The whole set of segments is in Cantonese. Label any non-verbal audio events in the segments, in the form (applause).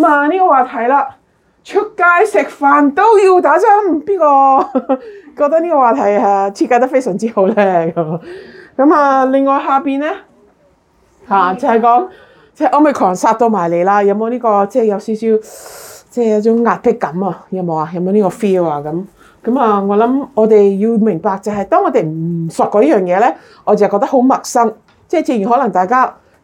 嘛呢個話題啦，出街食飯都要打針，邊個覺得呢個話題啊設計得非常之好咧？咁咁啊，另外下邊咧，吓就係講即係 Omicron 殺到埋嚟啦，有冇呢個即係有少少即係一種壓迫感啊？有冇啊？有冇呢個 feel 啊？咁咁啊，我諗我哋要明白就係當我哋唔熟嗰樣嘢咧，我就係覺得好陌生，即係正如可能大家。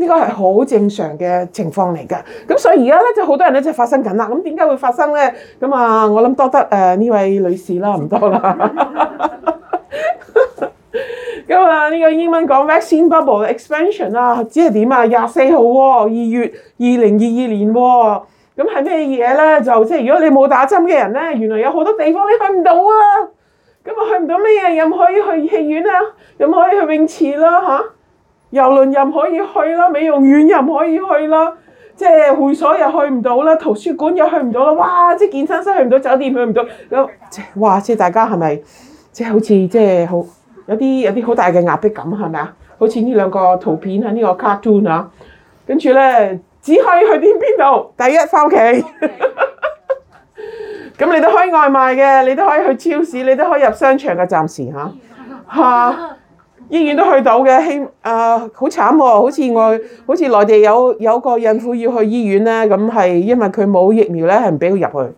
呢個係好正常嘅情況嚟㗎，咁所以而家咧就好多人咧就發生緊啦。咁點解會發生咧？咁啊，我諗多得誒呢、呃、位女士啦，唔多啦。咁啊，呢、 (laughs) (laughs) 呢個英文講 vaccine bubble expansion 啊，即係點啊？廿四號二月二零二二年喎、哦，咁係咩嘢咧？就即係如果你冇打針嘅人咧，原來有好多地方你去唔到啊。咁啊，去唔到咩嘢？又唔可以去戲院啊？又唔可以去泳池咯、啊？嚇！郵輪又唔可以去啦，美容院又唔可以去啦，即係會所又去唔到啦，圖書館又去唔到啦。哇！即係健身室去唔到，酒店去唔到。咁哇！即係大家係咪即係好似即係好有啲有啲好大嘅壓迫感係咪啊？好似呢兩個圖片喺呢、呢個 cartoon 啊，跟住咧只可以去啲邊度？第一返屋企，咁、okay. (laughs) 你都可以外賣嘅，你都可以去超市，你都可以入商場嘅，暫時嚇嚇。啊啊醫院都去到嘅，希啊好慘喎！好似我，好似內地有有個孕婦要去醫院咧，咁係因為佢冇疫苗咧，係唔俾佢入去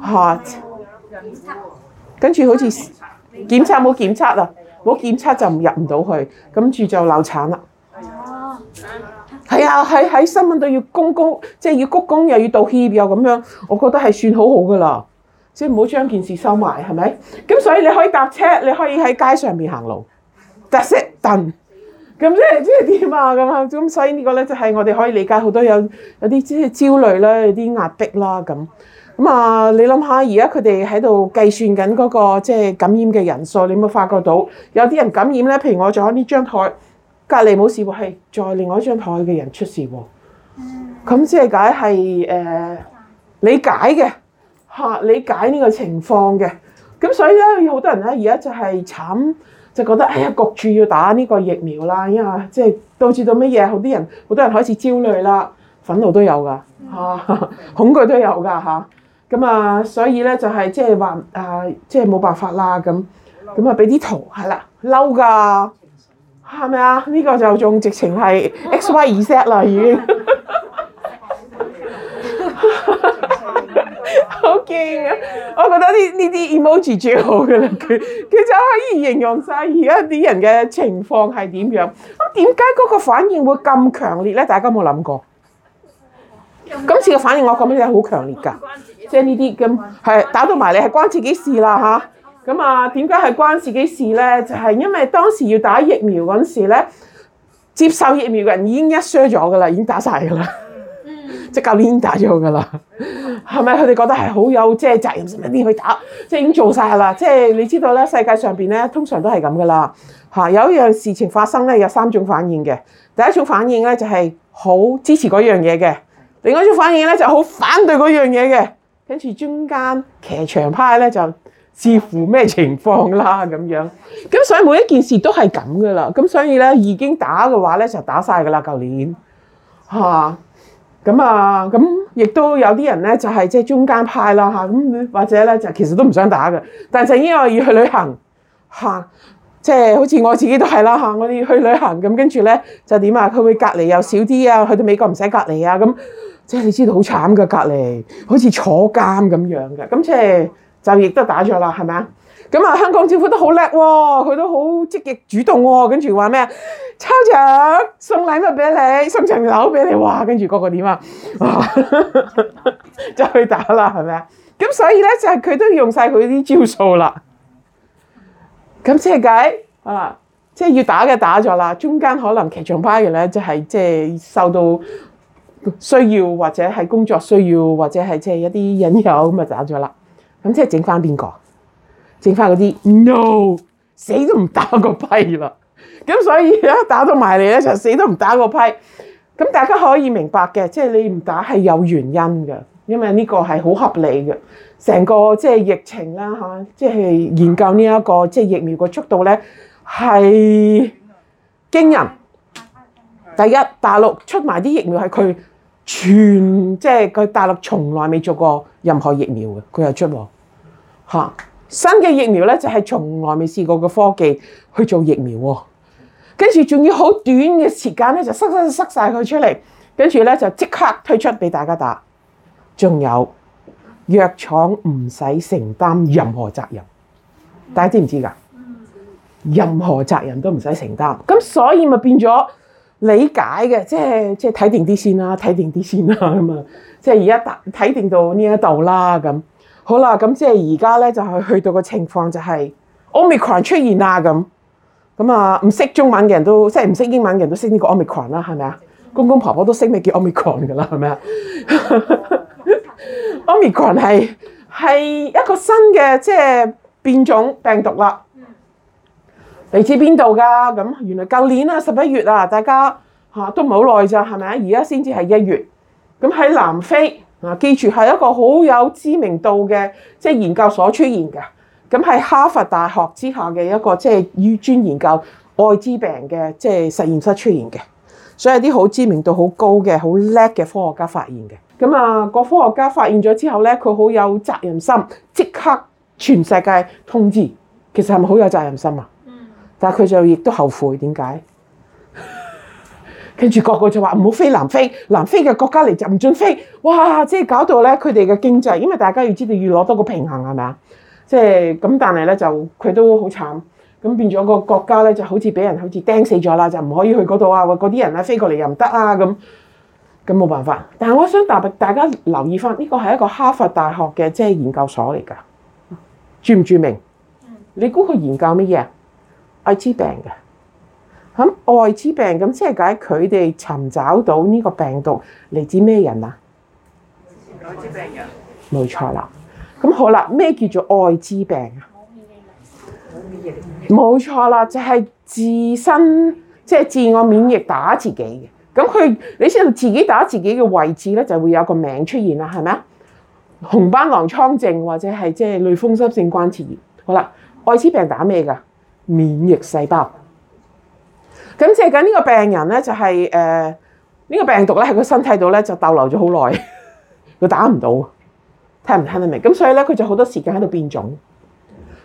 嚇。跟住好似檢測冇檢測啊，冇檢測就唔入唔到去，跟住就流產啦。係啊，係啊，喺喺新聞度要鞠躬，即係要鞠躬又要道歉又咁樣，我覺得係算好好噶啦，即係唔好將件事收埋，係咪？咁所以你可以搭車，你可以喺街上面行路。就識蹬，咁即係即係點啊？咁啊，咁所以呢個咧就係我哋可以理解好多有有啲即係焦慮啦，有啲壓迫啦咁。咁啊，你諗下，而家佢哋喺度計算緊嗰個即係感染嘅人數，你有冇發覺到有啲人感染咧？譬如我仲喺呢張台，隔離冇事喎，係在另外一張台嘅人出事喎。咁即係解係誒理解嘅嚇，理解呢個情況嘅。咁所以咧，好多人咧，而家就係慘。就覺得哎呀，焗住要打呢個疫苗啦，因為即係導致到乜嘢？好多人好多人開始焦慮啦，憤怒都有噶嚇、嗯啊，恐懼都有噶吓。咁啊，所以咧就係即係話啊，即係冇辦法啦咁，咁啊俾啲圖係啦，嬲㗎，係咪啊？呢個就仲直情係 XYZ 啦已經。 (laughs) 好勁啊！我覺得呢呢啲 emoji 最好嘅啦，佢佢就可以形容晒而家啲人嘅情況係點樣。咁點解嗰個反應會咁強烈咧？大家有冇諗過？今次嘅反應我講俾你聽，好強烈㗎，即係呢啲咁係打到埋你係關自己事啦吓，咁啊，點解係關自己事咧？就係是因為當時要打疫苗嗰陣時咧，接受疫苗嘅人已經一削咗嘅啦，已經打晒嘅啦。即係舊年打咗㗎啦，係咪？佢哋覺得係好有即係責任心，一啲去打，即係已經做曬啦。即係你知道咧，世界上邊咧通常都係咁噶啦。嚇，有一樣事情發生咧，有三種反應嘅。第一種反應咧就係好支持嗰樣嘢嘅；另一種反應咧就好反對嗰樣嘢嘅。跟住中間騎牆派咧就視乎咩情況啦咁樣。咁所以每一件事都係咁噶啦。咁所以咧已經打嘅話咧就打晒㗎啦。舊年嚇。啊，咁啊，咁亦都有啲人咧，就係即係中間派啦吓，咁或者咧就其實都唔想打嘅，但係因為我要去旅行吓，即係好似我自己都係啦吓，我哋去旅行咁，跟住咧就點啊？佢會隔離又少啲啊，去到美國唔使隔離啊，咁即係你知道好慘㗎。隔離，好似坐監咁樣嘅，咁即係就亦都打咗啦，係咪啊？咁啊，香港政府都好叻喎，佢都好積極主動喎，跟住話咩啊？抽獎送禮物俾你，送層樓俾你，哇！跟住嗰個點啊？ (laughs) 就去打啦，係咪啊？咁所以咧就係佢都用晒佢啲招數啦。咁即係解啊，即係要打嘅打咗啦。中間可能騎牆派嘅咧，就係即係受到需要或者係工作需要或者係即係一啲引誘咁啊打咗啦。咁即係整翻邊個？整翻嗰啲 no 死都唔打個批啦。咁所以咧打到埋嚟咧就死都唔打個批，咁大家可以明白嘅。即係你唔打係有原因嘅，因為呢個係好合理嘅。成個即係疫情啦嚇，即係研究呢一個即係疫苗個速度咧係驚人，第一大陸出埋啲疫苗係佢全，即係佢大陸從來未做過任何疫苗嘅，佢又出喎嚇。新嘅疫苗咧就係從來未試過嘅科技去做疫苗喎，跟住仲要好短嘅時間咧就塞塞塞晒佢出嚟，跟住咧就即刻推出俾大家打。仲有藥廠唔使承擔任何責任，大家知唔知㗎？任何責任都唔使承擔，咁所以咪變咗理解嘅，即係即係睇定啲先啦，睇定啲先啦咁啊，即係而家睇定到呢一度啦咁。好啦，咁即係而家咧就係去到個情況就係 Omicron 出現啊咁，咁啊唔識中文嘅人都即係唔識英文嘅人都識呢個 Omicron 啦，係咪啊？公公婆婆都識咩叫 Omicron 㗎啦，係咪啊？Omicron 係係一個新嘅即係變種病毒啦，嚟自邊度㗎？咁原來舊年啊十一月啊，大家嚇都唔好耐咋係咪啊？而家先至係一月，咁喺南非。啊！記住係一個好有知名度嘅，即係研究所出現嘅，咁係哈佛大學之下嘅一個即係預專研究愛滋病嘅即係實驗室出現嘅，所以啲好知名度好高嘅、好叻嘅科學家發現嘅。咁啊，個科學家發現咗之後咧，佢好有責任心，即刻全世界通知。其實係咪好有責任心啊？嗯。但係佢就亦都後悔，點解？跟住個個就話唔好飛南非，南非嘅國家嚟就唔准飛。哇！即係搞到咧，佢哋嘅經濟，因為大家要知道要攞多個平衡係咪啊？即係咁，但係咧就佢都好慘，咁變咗個國家咧就好似俾人好似釘死咗啦，就唔可以去嗰度啊！嗰啲人啊飛過嚟又唔得啊咁，咁冇辦法。但係我想特別大家留意翻，呢個係一個哈佛大學嘅即係研究所嚟噶，著唔著名？你估佢研究乜嘢？艾滋病嘅。咁艾滋病咁即係解佢哋尋找到呢個病毒嚟自咩人啊？艾滋病人。冇錯啦。咁好啦，咩叫做艾滋病啊？免疫，免疫，冇錯啦，就係、是、自身即係、就是、自我免疫打自己嘅。咁佢你知道自己打自己嘅位置咧，就會有個名出現啦，係咪啊？紅斑狼瘡症或者係即係類風濕性關節炎。好啦，艾滋病打咩㗎？免疫細胞。咁借緊呢個病人咧、就係，就係誒呢個病毒咧喺佢身體度咧就逗留咗好耐，佢 (laughs) 打唔到，聽唔聽得明？咁所以咧佢就好多時間喺度變種。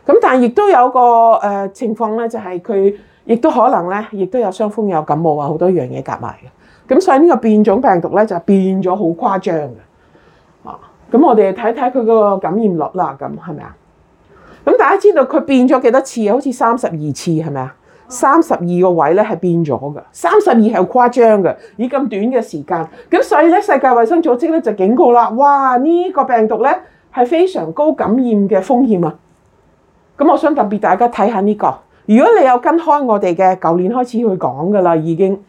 咁但係亦都有個誒情況咧，就係佢亦都可能咧，亦都有傷風、有感冒啊，好多樣嘢夾埋嘅。咁所以呢個變種病毒咧就變咗好誇張嘅。啊，咁我哋睇睇佢個感染率啦，咁係咪啊？咁大家知道佢變咗幾多次，好似三十二次係咪啊？三十二個位咧係變咗㗎，三十二係好誇張嘅，以咁短嘅時間，咁所以咧世界衞生組織咧就警告啦，哇！呢個病毒咧係非常高感染嘅風險啊！咁我想特別大家睇下呢個，如果你有跟開我哋嘅，舊年開始去講嘅啦，已經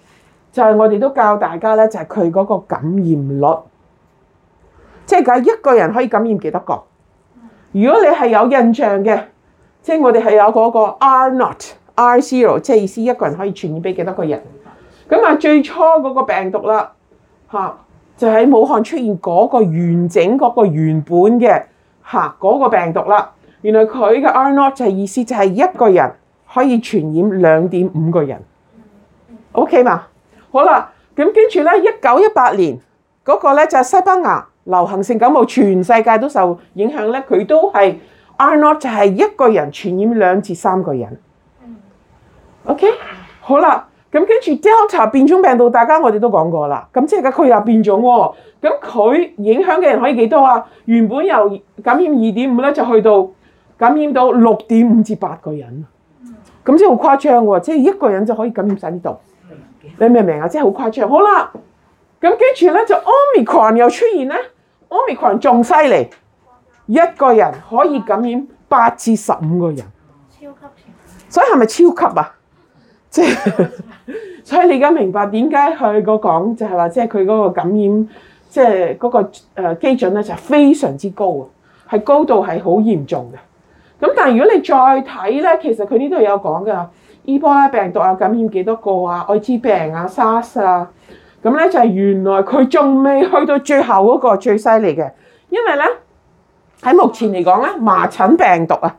就係我哋都教大家咧，就係佢嗰個感染率，即係講一個人可以感染幾多個？如果你係有印象嘅，即係我哋係有嗰個 R0。R zero 即係意思一個人可以傳染俾幾多個人？咁啊，最初嗰個病毒啦，嚇就喺武漢出現嗰個完整嗰個原本嘅嚇嗰個病毒啦。原來佢嘅 R not 就係意思就係一個人可以傳染兩點五個人，OK 嘛？好啦，咁跟住咧，一九一八年嗰個咧就係西班牙流行性感冒，全世界都受影響咧。佢都係 R not 就係一個人傳染兩至三個人。OK，好啦，咁跟住 Delta 變種病毒，大家我哋都講過啦。咁即係佢又變種喎、哦，咁佢影響嘅人可以幾多啊？原本由感染二點五咧，就去到感染到六點五至八個人。咁即係好誇張喎、哦，即係一個人就可以感染晒呢度。你明唔明啊？即係好誇張。好啦，咁跟住咧就 Omicron 又出現咧，Omicron 仲犀利，一個人可以感染八至十五個人。超級，所以係咪超級啊？即 (laughs) 所以你而家明白點解佢個講就係話，即係佢嗰個感染，即係嗰個基準咧，就係非常之高啊，係高度係好嚴重嘅。咁但係如果你再睇咧，其實佢呢度有講噶，伊波拉病毒啊，感染幾多個啊，艾滋病啊，SARS 啊，咁咧就係原來佢仲未去到最後嗰個最犀利嘅，因為咧喺目前嚟講咧，麻疹病毒啊。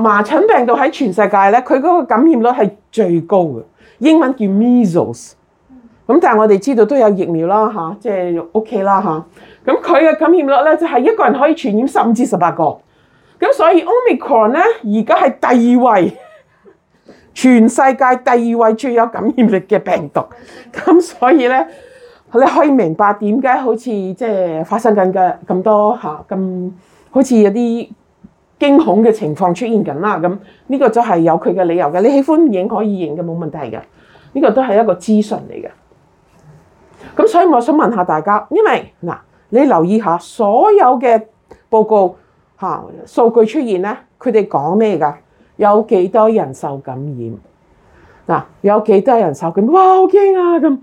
麻疹病毒喺全世界咧，佢嗰個感染率係最高嘅，英文叫 Measles。咁但係我哋知道都有疫苗啦，嚇、就是 OK，即係 OK 啦，嚇。咁佢嘅感染率咧就係一個人可以傳染十五至十八個。咁所以 Omicron 咧而家係第二位，全世界第二位最有感染力嘅病毒。咁所以咧，你可以明白點解好似即係發生緊嘅咁多嚇，咁好似有啲。驚恐嘅情況出現緊啦，咁呢個就係有佢嘅理由嘅。你喜歡影可以影嘅，冇問題嘅。呢個都係一個資訊嚟嘅。咁所以我想問下大家，因為嗱，你留意下所有嘅報告嚇數據出現咧，佢哋講咩噶？有幾多人受感染？嗱，有幾多人受感染？哇，好驚啊！咁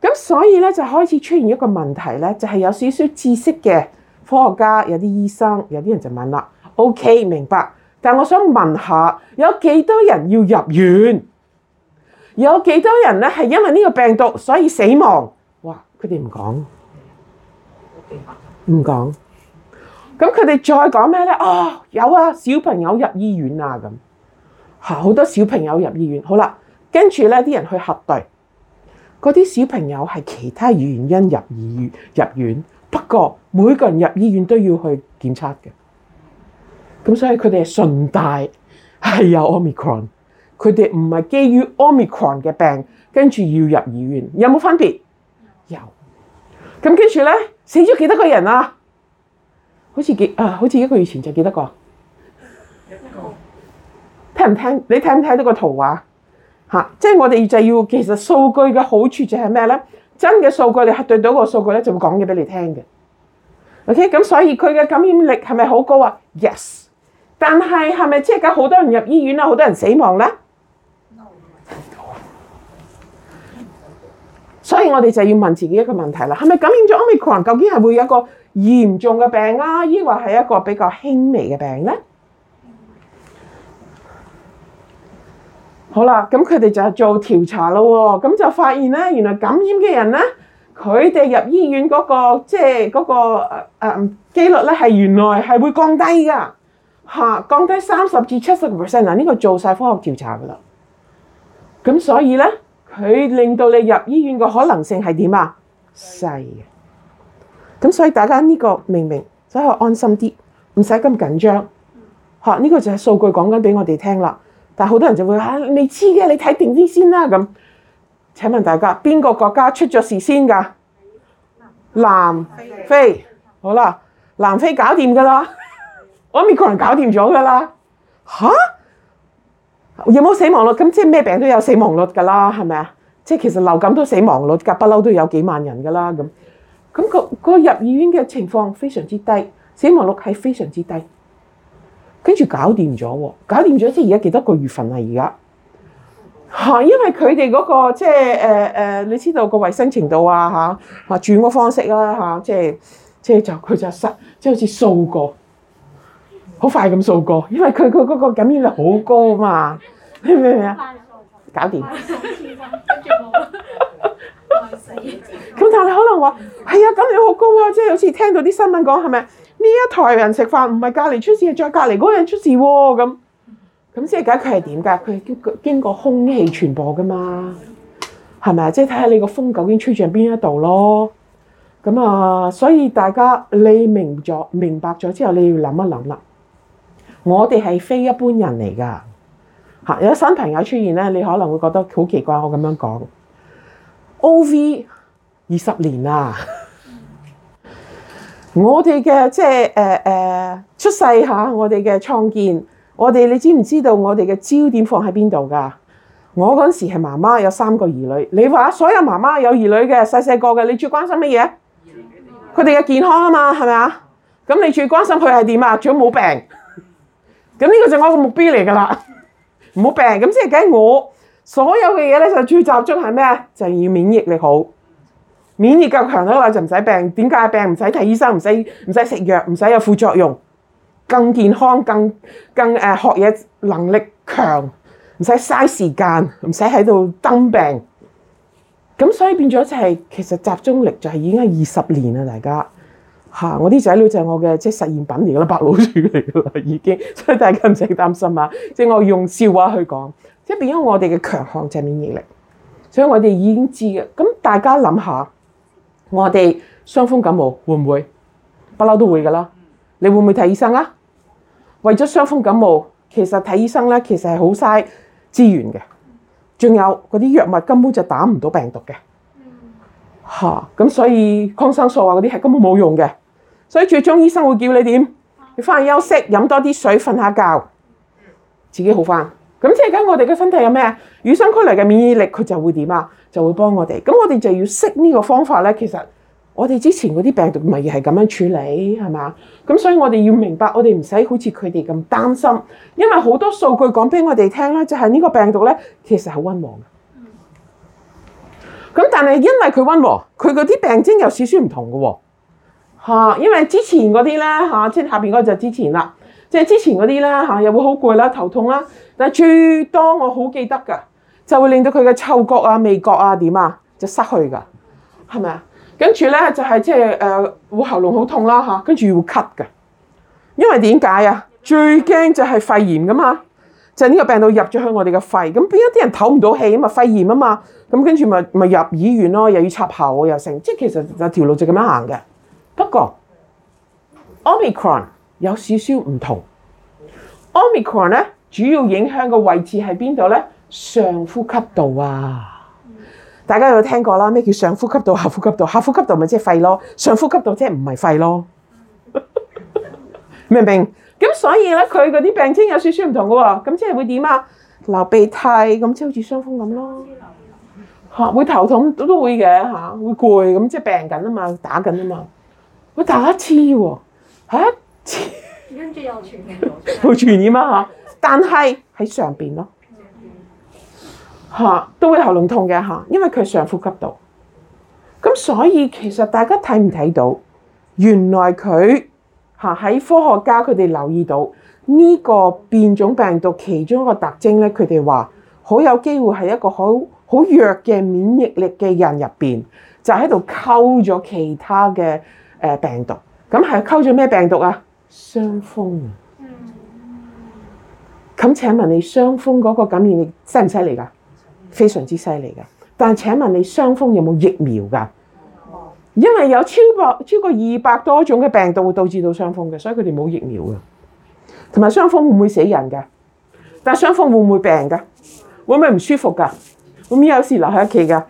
咁，所以咧就開始出現一個問題咧，就係有少少知識嘅科學家、有啲醫生、有啲人就問啦。O.K. 明白，但我想問下，有幾多人要入院？有幾多人咧係因為呢個病毒所以死亡？哇！佢哋唔講，唔講。咁佢哋再講咩呢？哦，有啊，小朋友入醫院啊，好多小朋友入醫院。好啦，跟住呢啲人去核對，嗰啲小朋友係其他原因入院入院，不過每個人入醫院都要去檢測嘅。咁所以佢哋係順帶係有 Omicron，佢哋唔係基於 Omicron 嘅病跟住要入醫院，有冇分別？有。咁跟住咧，死咗幾多個人啊？好似幾啊？好似一個月前就幾多個？一個。聽唔聽？你睇唔睇到個圖畫？嚇！即係我哋就係要其實數據嘅好處就係咩咧？真嘅數據你核對到個數據咧，就會講嘢俾你聽嘅。OK，咁所以佢嘅感染力係咪好高啊？Yes。但係係咪即係有好多人入醫院啦，好多人死亡咧、嗯嗯嗯嗯嗯嗯嗯？所以我哋就要問自己一個問題啦：係咪感染咗 Omicron，究竟係會有一個嚴重嘅病啊，抑或係一個比較輕微嘅病咧、嗯嗯嗯嗯？好啦，咁佢哋就做調查了咯，咁就發現咧，原來感染嘅人咧，佢哋入醫院嗰、嗰個即係、嗰、嗰個嗯，誒、呃、機率咧，係原來係會降低噶。吓，降低三十至七十個 percent，呢個做晒科學調查噶啦。咁所以咧，佢令到你入醫院嘅可能性係點啊？細。咁所以大家呢個明明？所以安心啲，唔使咁緊張。吓、嗯，呢、啊呢個就係數據講緊俾我哋聽啦。但係好多人就會嚇你知嘅，你睇定啲先啦咁。請問大家邊個國家出咗事先噶？南非。好啦，南非搞掂噶啦。我咪個人搞掂咗㗎啦吓？有冇死亡率？咁即係咩病都有死亡率㗎啦，係咪啊？即係其實流感都死亡率，㗎不嬲都有幾萬人㗎啦。咁、那、咁個入醫院嘅情況非常之低，死亡率係非常之低，跟住搞掂咗喎，搞掂咗即係而家幾多個月份呀？而家吓？因為佢哋嗰個即係誒誒，你知道個衞生程度啊吓？嚇轉個方式啦吓？即係即係就佢就塞，即係好似掃過。好快咁掃過，因為佢佢嗰個感染率好高嘛。明唔明啊？搞掂咁， (laughs) 但係你可能話係啊，感染好高啊，即係有時聽到啲新聞講係咪呢一台人食飯唔係隔籬出事，係再隔籬嗰人出事喎？咁咁即係，梗佢係點㗎？佢係經過空氣傳播㗎嘛？係咪啊？即係睇下你個風究竟吹向邊一度咯。咁啊，所以大家你明咗明白咗之後，你要諗一諗啦。我哋係非一般人嚟㗎嚇。有新朋友出現咧，你可能會覺得好奇怪我這 (laughs) 我、呃。我咁樣講 O V 二十年啦，我哋嘅即係誒誒出世嚇，我哋嘅創建，我哋你知唔知道我哋嘅？我哋嘅焦點放喺邊度㗎？我嗰陣時係媽媽，有三個兒女。你話所有媽媽有兒女嘅細細個嘅，你最關心乜嘢？佢哋嘅健康啊嘛，係咪啊？咁你最關心佢係點啊？仲有冇病。咁呢個就我個目標嚟㗎啦，唔好病，咁即係梗係我所有嘅嘢咧就最集中係咩？就係要免疫力好，免疫力夠強嘅話就唔使病。點解病唔使睇醫生，唔使唔使食藥，唔使有副作用，更健康，更，更，呃，學習學嘢能力強，唔使嘥時間，唔使喺度登病。咁所以變咗就係，是，其實集中力就係已經二十年啦，大家。嚇、啊！我啲仔女就係我嘅即係實驗品嚟㗎啦，白老鼠嚟㗎啦已經，所以大家唔使擔心啊！即係我用笑話去講，即係變咗我哋嘅強項就係免疫力，所以我哋已經知嘅。咁大家諗下，我哋傷風感冒會唔會不嬲都會㗎啦？你會唔會睇醫生啊？為咗傷風感冒，其實睇醫生咧，其實係好嘥資源嘅。仲有嗰啲藥物根本就打唔到病毒嘅。吓、啊，咁所以抗生素啊嗰啲係根本冇用嘅。所以最終醫生會叫你點？你翻去休息，飲多啲水，瞓下覺，自己好翻。咁即係而家我哋嘅身體有咩？與生俱嚟嘅免疫力，佢就會點啊？就會幫我哋。咁我哋就要識呢個方法咧。其實我哋之前嗰啲病毒唔係咁樣處理，係嘛？咁所以我哋要明白，我哋唔使好似佢哋咁擔心，因為好多數據講俾我哋聽啦，就係呢個病毒咧，其實係溫和嘅。咁但係因為佢溫和，佢嗰啲病徵有少少唔同嘅喎。嚇，因為之前嗰啲咧嚇，即係下邊嗰隻之前啦，即係之前嗰啲咧嚇又會好攰啦、頭痛啦。但係最多我好記得㗎，就會令到佢嘅嗅覺啊、味覺啊點啊就失去㗎，係咪啊？跟住咧就係即係誒會喉嚨好痛啦嚇，跟住會咳㗎。因為點解啊？最驚就係肺炎㗎嘛，就係呢個病毒入咗去我哋嘅肺，咁邊有啲人唞唔到氣咁啊肺炎啊嘛，咁跟住咪咪入醫院咯，又要插喉又成，即係其實有條路就咁樣行嘅。不過，Omicron 有少少唔同。Omicron 咧，主要影響嘅位置喺邊度咧？上呼吸道啊！大家有冇聽過啦？咩叫上呼吸道、下呼吸道？下呼吸道咪即係肺咯，上呼吸道即係唔係肺咯？明唔明？咁所以咧，佢嗰啲病徵有少少唔同嘅喎。咁即係會點啊？流鼻涕咁即係好似傷風咁咯。嚇、啊！會頭痛都都會嘅嚇、啊，會攰咁即係病緊啊嘛，打緊啊嘛。我打一次喎、啊，嚇、啊，跟住又傳染左，好傳染呀，但係喺上邊咯嚇，都會喉嚨痛嘅嚇、啊，因為佢係上呼吸道咁，所以其實大家睇唔睇到？原來佢嚇喺科學家佢哋留意到呢個變種病毒其中一個特徵咧，佢哋話好有機會係一個好好弱嘅免疫力嘅人入面就喺度溝咗其他嘅。誒病毒，咁係溝咗咩病毒啊？傷風啊。嗯。咁請問你傷風嗰個感染力犀唔犀利㗎？非常之犀利㗎。但係請問你傷風有冇疫苗㗎？因為有超過超過二百多種嘅病毒會導致到傷風嘅，所以佢哋冇疫苗㗎。同埋傷風會唔會死人㗎？但係傷風會唔會病㗎？會唔會唔舒服㗎？會唔會有時留喺屋企㗎？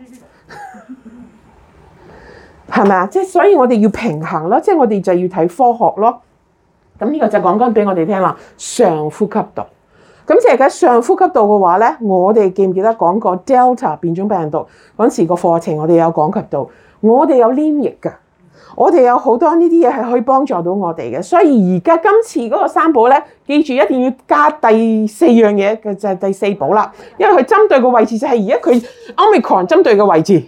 係咪啊？即係所以我哋要平衡咯，即係我哋就要睇科學咯。咁呢個就講緊俾我哋聽啦。上呼吸道，咁即係喺上呼吸道嘅話咧，我哋記唔記得講過 Delta 變種病毒嗰時個課程我們，我哋有講及到，我哋有黏液噶，我哋有好多呢啲嘢係可以幫助到我哋嘅。所以而家今次嗰個三寶咧，記住一定要加第四樣嘢嘅就係第四寶啦，因為佢針對嘅位置就係而家佢 Omicron 針對嘅位置。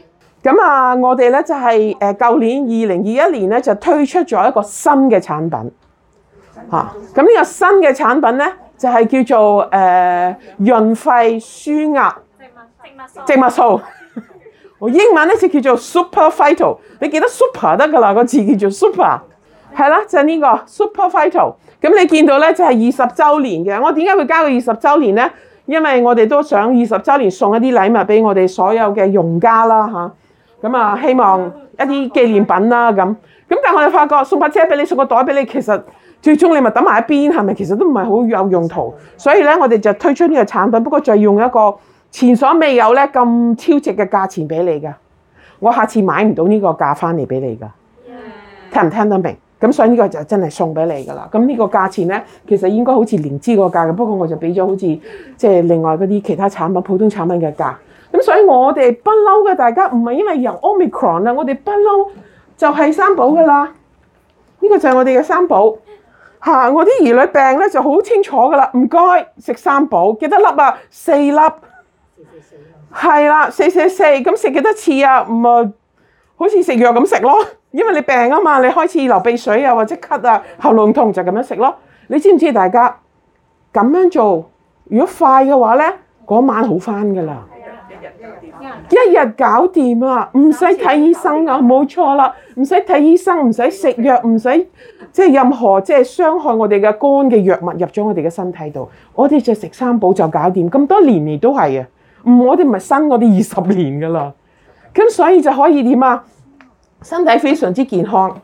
咁啊，我哋咧就係誒，舊年二零二一年咧就推出咗一個新嘅產品，吓、啊。咁呢個新嘅產品咧就係、是、叫做誒潤、呃、肺舒壓植物植物素，我 (laughs) 英文呢就叫做 super Phyto。你記得 super 得噶啦，個字叫做 super，係啦，就呢、是這個 super Phyto。咁你見到咧就係二十周年嘅。我點解會加個二十周年咧？因為我哋都想二十周年送一啲禮物俾我哋所有嘅用家啦，吓、啊。希望一啲紀念品啦，咁，但係我哋發覺送把車俾你，送個袋俾你，其實最終你咪揼埋一邊，係咪？其實都唔係好有用途。所以呢，我哋就推出呢個產品，不過就用一個前所未有咧咁超值嘅價錢俾你噶。我下次買唔到呢個價翻嚟俾你噶，聽唔聽得明？咁所以呢個就真係送俾你噶啦。咁，呢個價錢呢，其實應該好似連資嗰個價，不過我就俾咗好似即係另外嗰啲其他產品、普通產品嘅價。咁所以我哋 Omicron，我哋、這個我哋，我哋不嬲嘅，大家唔係因為有 Omicron 啊。我哋不嬲就係三寶噶啦。呢個就係我哋嘅三寶嚇。我啲兒女病咧就好清楚噶啦，唔該食三寶，幾多粒啊？四粒四、四粒、四。係啦，四四四咁食幾多次啊？唔啊，好似食藥咁食咯，因為你病啊嘛，你開始流鼻水啊，或者咳啊，喉嚨痛就咁樣食咯。你知唔知道大家咁樣做？如果快嘅話咧，嗰晚好翻噶啦。一日搞掂啊！唔使睇醫生啊，冇錯啦，唔使睇醫生，唔使食藥，唔使即係任何即係傷害我哋嘅肝嘅藥物入咗我哋嘅身體度，我哋就食三寶就搞掂。咁多年嚟都係啊，我哋唔係生我哋二十年噶啦，咁所以就可以點啊？身體非常之健康。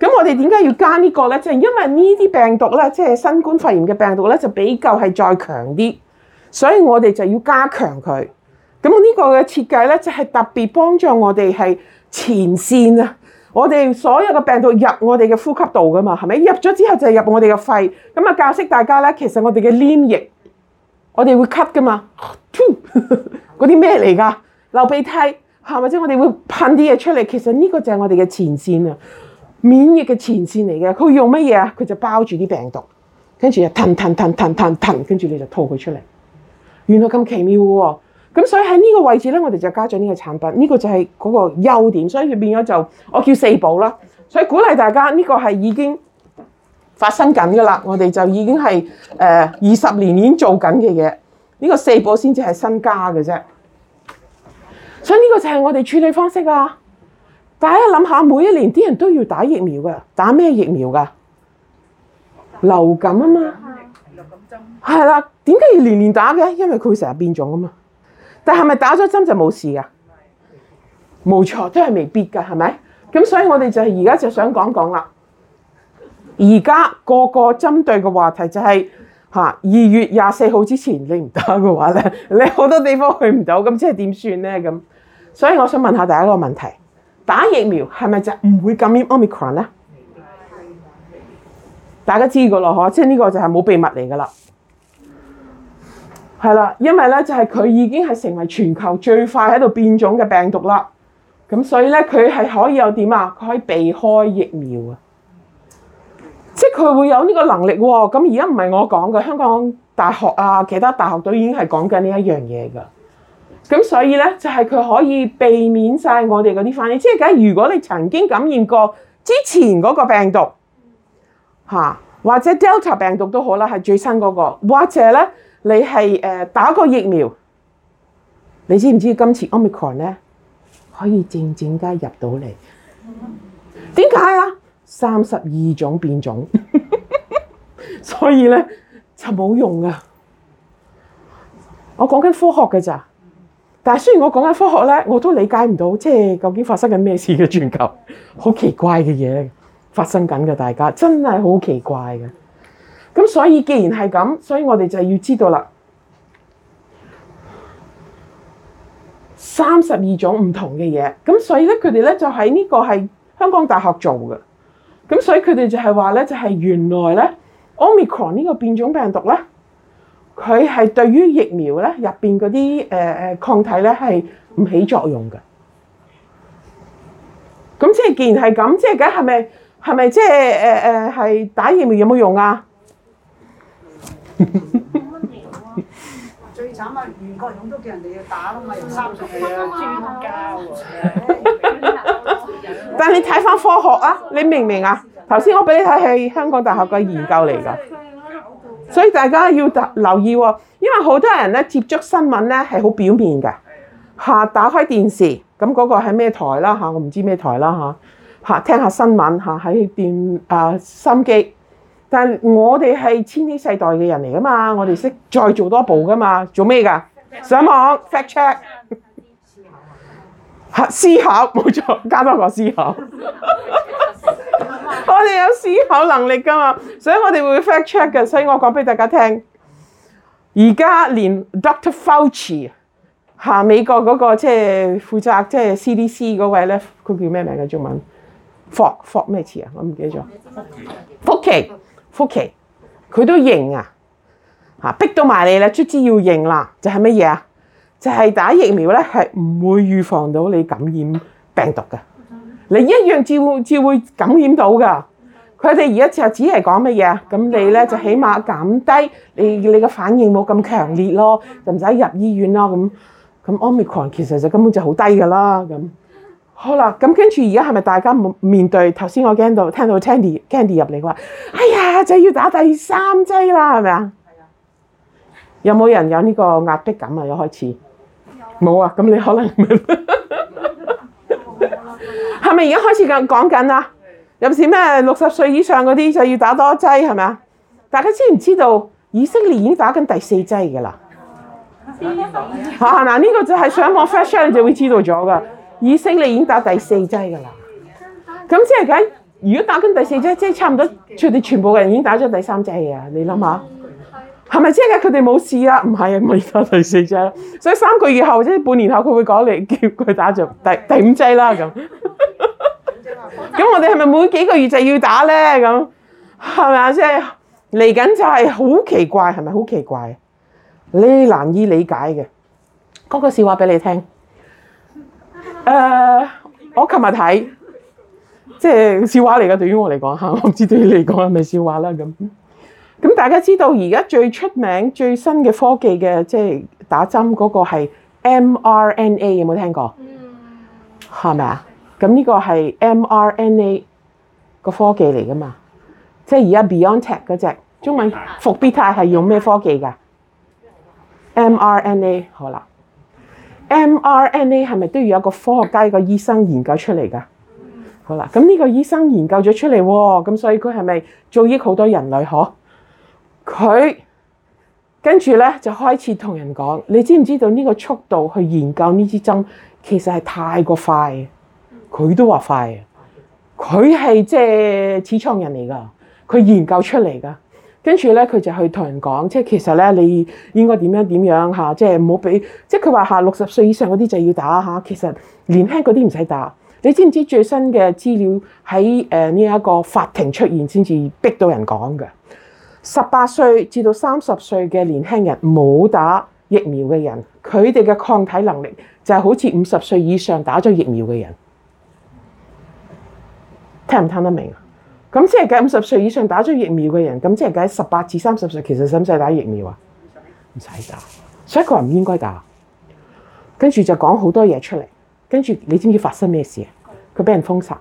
咁我哋點解要加呢個咧？即係因為呢啲病毒咧，即係新冠肺炎嘅病毒咧，就比較係再強啲，所以我哋就要加強佢。咁、這、呢個嘅設計咧，就係特別幫助我哋係前線啊！我哋所有嘅病毒入我哋嘅呼吸道噶嘛，係咪？入咗之後就係入我哋嘅肺。咁啊，教識大家咧，其實我哋嘅黏液，我哋會咳噶嘛，嗰啲咩嚟噶？流鼻涕係咪先？就是、我哋會噴啲嘢出嚟。其實呢個就係我哋嘅前線啊，免疫嘅前線嚟嘅。佢用乜嘢啊？佢就包住啲病毒，跟住就騰騰騰騰騰騰，跟住你就吐佢出嚟。原來咁奇妙喎、啊！咁所以喺呢個位置咧，我哋就加咗呢個產品，呢個就係嗰個優點，所以佢變咗就我叫四保啦。所以鼓勵大家，呢個係已經發生緊噶啦。我哋就已經係誒二十年年做緊嘅嘢，呢個四保先至係新加嘅啫。所以呢個就係我哋處理方式啊。大家諗下，每一年啲人都要打疫苗噶，打咩疫苗噶？流感啊嘛，流感針係啦。點解要年年打嘅？因為佢會成日變種啊嘛。但係咪打咗針就冇事噶？冇錯，都係未必噶，係咪？咁所以我哋就係而家就想講講啦。而家個個針對嘅話題就係吓，二月廿四號之前你唔打嘅話咧，你好多地方去唔到，咁即係點算咧？咁所以我想問下大家一個問題：打疫苗係咪就唔會感染 Omicron 咧？大家知嘅咯，嗬！即係呢個就係冇秘密嚟噶啦。係啦，因為咧就係佢已經係成為全球最快喺度變種嘅病毒啦。咁所以咧佢係可以有點啊？佢可以避開疫苗啊！即係佢會有呢個能力喎。咁而家唔係我講嘅，香港大學啊，其他大學都已經係講緊呢一樣嘢噶。咁所以咧就係佢可以避免晒我哋嗰啲反應。即係假如如果你曾經感染過之前嗰個病毒，嚇或者 Delta 病毒都好啦，係最新嗰個，或者咧。你係打過疫苗，你知唔知今次 omicron 可以漸漸加入到嚟？點解啊？三十二種變種， (laughs) 所以就冇用㗎。我講緊科學嘅咋？但係雖然我講緊科學呢，我都理解唔到，即係究竟發生緊咩事嘅，全球好奇怪嘅嘢發生緊㗎，大家真係好奇怪㗎。咁所以既然係咁，所以我哋就要知道啦，三十二種唔同嘅嘢。咁所以咧，佢哋咧就喺呢個係香港大學做嘅。咁所以佢哋就係話咧，就係原來咧，Omicron 呢個變種病毒咧，佢係對於疫苗咧入邊嗰啲誒誒抗體咧係唔起作用嘅。咁即係既然係咁，即係梗係咪係咪即係誒誒係打疫苗有冇用啊？最慘啊！袁國勇都叫人哋要打啊嘛，用三十幾啊專家喎，但係你睇翻科學啊，你明唔明啊？頭先我俾你睇係香港大學嘅研究嚟噶，所以大家要留意喎，因為好多人咧接觸新聞咧係好表面嘅，吓打開電視咁嗰個係咩台啦吓，我唔知咩台啦吓，吓聽下新聞吓喺電啊心機。但係我哋係千禧世代嘅人嚟噶嘛，我哋識再做多步噶嘛，做咩噶？上網 (music) fact check，嚇 (music) 思考冇錯，加多個思考。 (music) (laughs) 我哋有思考能力噶嘛，所以我哋會 fact check 嘅。所以我講俾大家聽，而家連 Dr. Fauci 嚇美國嗰個即係負責即係、就是、CDC 嗰位咧，佢叫咩名嘅中文？霍霍咩詞啊？我唔記得咗。f (music) 福奇。福奇佢都認啊，逼到埋你啦，卒之要認啦，就係乜嘢啊？就係打疫苗咧，係唔會預防到你感染病毒㗎。你一樣照照會感染到噶。佢哋而家就只係講乜嘢啊？咁你咧就起碼減低你你，個反應冇咁強烈咯，就唔使入醫院囉。咁咁 omicron 其實就根本就好低噶啦咁。好啦，咁跟住而家係咪大家面面對頭先我驚到聽到 Tandy Candy 入嚟話，哎呀，就要打第三劑啦，係咪啊？係啊。有冇人有呢個壓迫感啊？一開始冇啊，咁你可能係咪而家開始咁講緊啊？有冇咩六十歲以上嗰啲就要打多劑係咪啊？大家知唔知道以色列已經打緊第四劑噶啦、啊？知啊。嗱、這、呢個就係上方 f a s h i o n 就會知道咗噶。以色列，你已經打第四劑㗎啦，咁即係如果打緊第四劑，即係差唔多，佢哋全部人已經打咗第三劑了。你諗下，係咪真㗎？佢哋冇事啊？唔係啊，未打第四劑了。所以三個月後或半年後，佢會講你叫佢打第，第五劑了 (laughs) 我們我哋係咪每幾個月就要打呢？咁係咪啊？即係嚟緊就係好奇怪，係咪好奇怪？你難以理解嘅，講句笑話俾你聽。誒、uh，我琴日睇，即係笑話嚟噶。對於我嚟講嚇，我唔知對於你講係咪笑話啦。咁咁大家知道而家最出名、最新嘅科技嘅即係打針嗰個係 mRNA 有冇聽過？嗯，係咪啊？咁呢個係 mRNA 個科技嚟噶嘛？即係而家 BioNTech 嗰隻中文復必泰係用咩科技㗎？mRNA 好啦。mRNA 係咪都要有個科學家、個醫生研究咗出嚟噶？好啦，咁呢個醫生研究咗出嚟，咁所以佢係咪做益好多人類？嗬，佢跟住咧就開始同人講，你知唔知道呢個速度去研究呢支針，其實係太過快的。佢都話快的，佢係即係始創人嚟噶，佢研究出嚟噶跟住咧，佢就去同人講，即係其實咧，你應該點樣點樣吓，即係唔好俾即係佢話吓六十歲以上嗰啲就要打吓。其實年輕嗰啲唔使打，你知唔知最新嘅資料，喺呢一個法庭出現先至逼到人講嘅，十八歲至到三十歲嘅年輕人冇打疫苗嘅人，佢哋嘅抗體能力就係好似五十歲以上打咗疫苗嘅人。聽唔聽得明啊？咁即係計五十歲以上打咗疫苗嘅人，咁即係計十八至三十歲，其實使唔使打疫苗啊？唔使打，所以佢話唔應該打。跟住就講好多嘢出嚟，跟住你知唔知發生咩事啊？佢俾人封殺。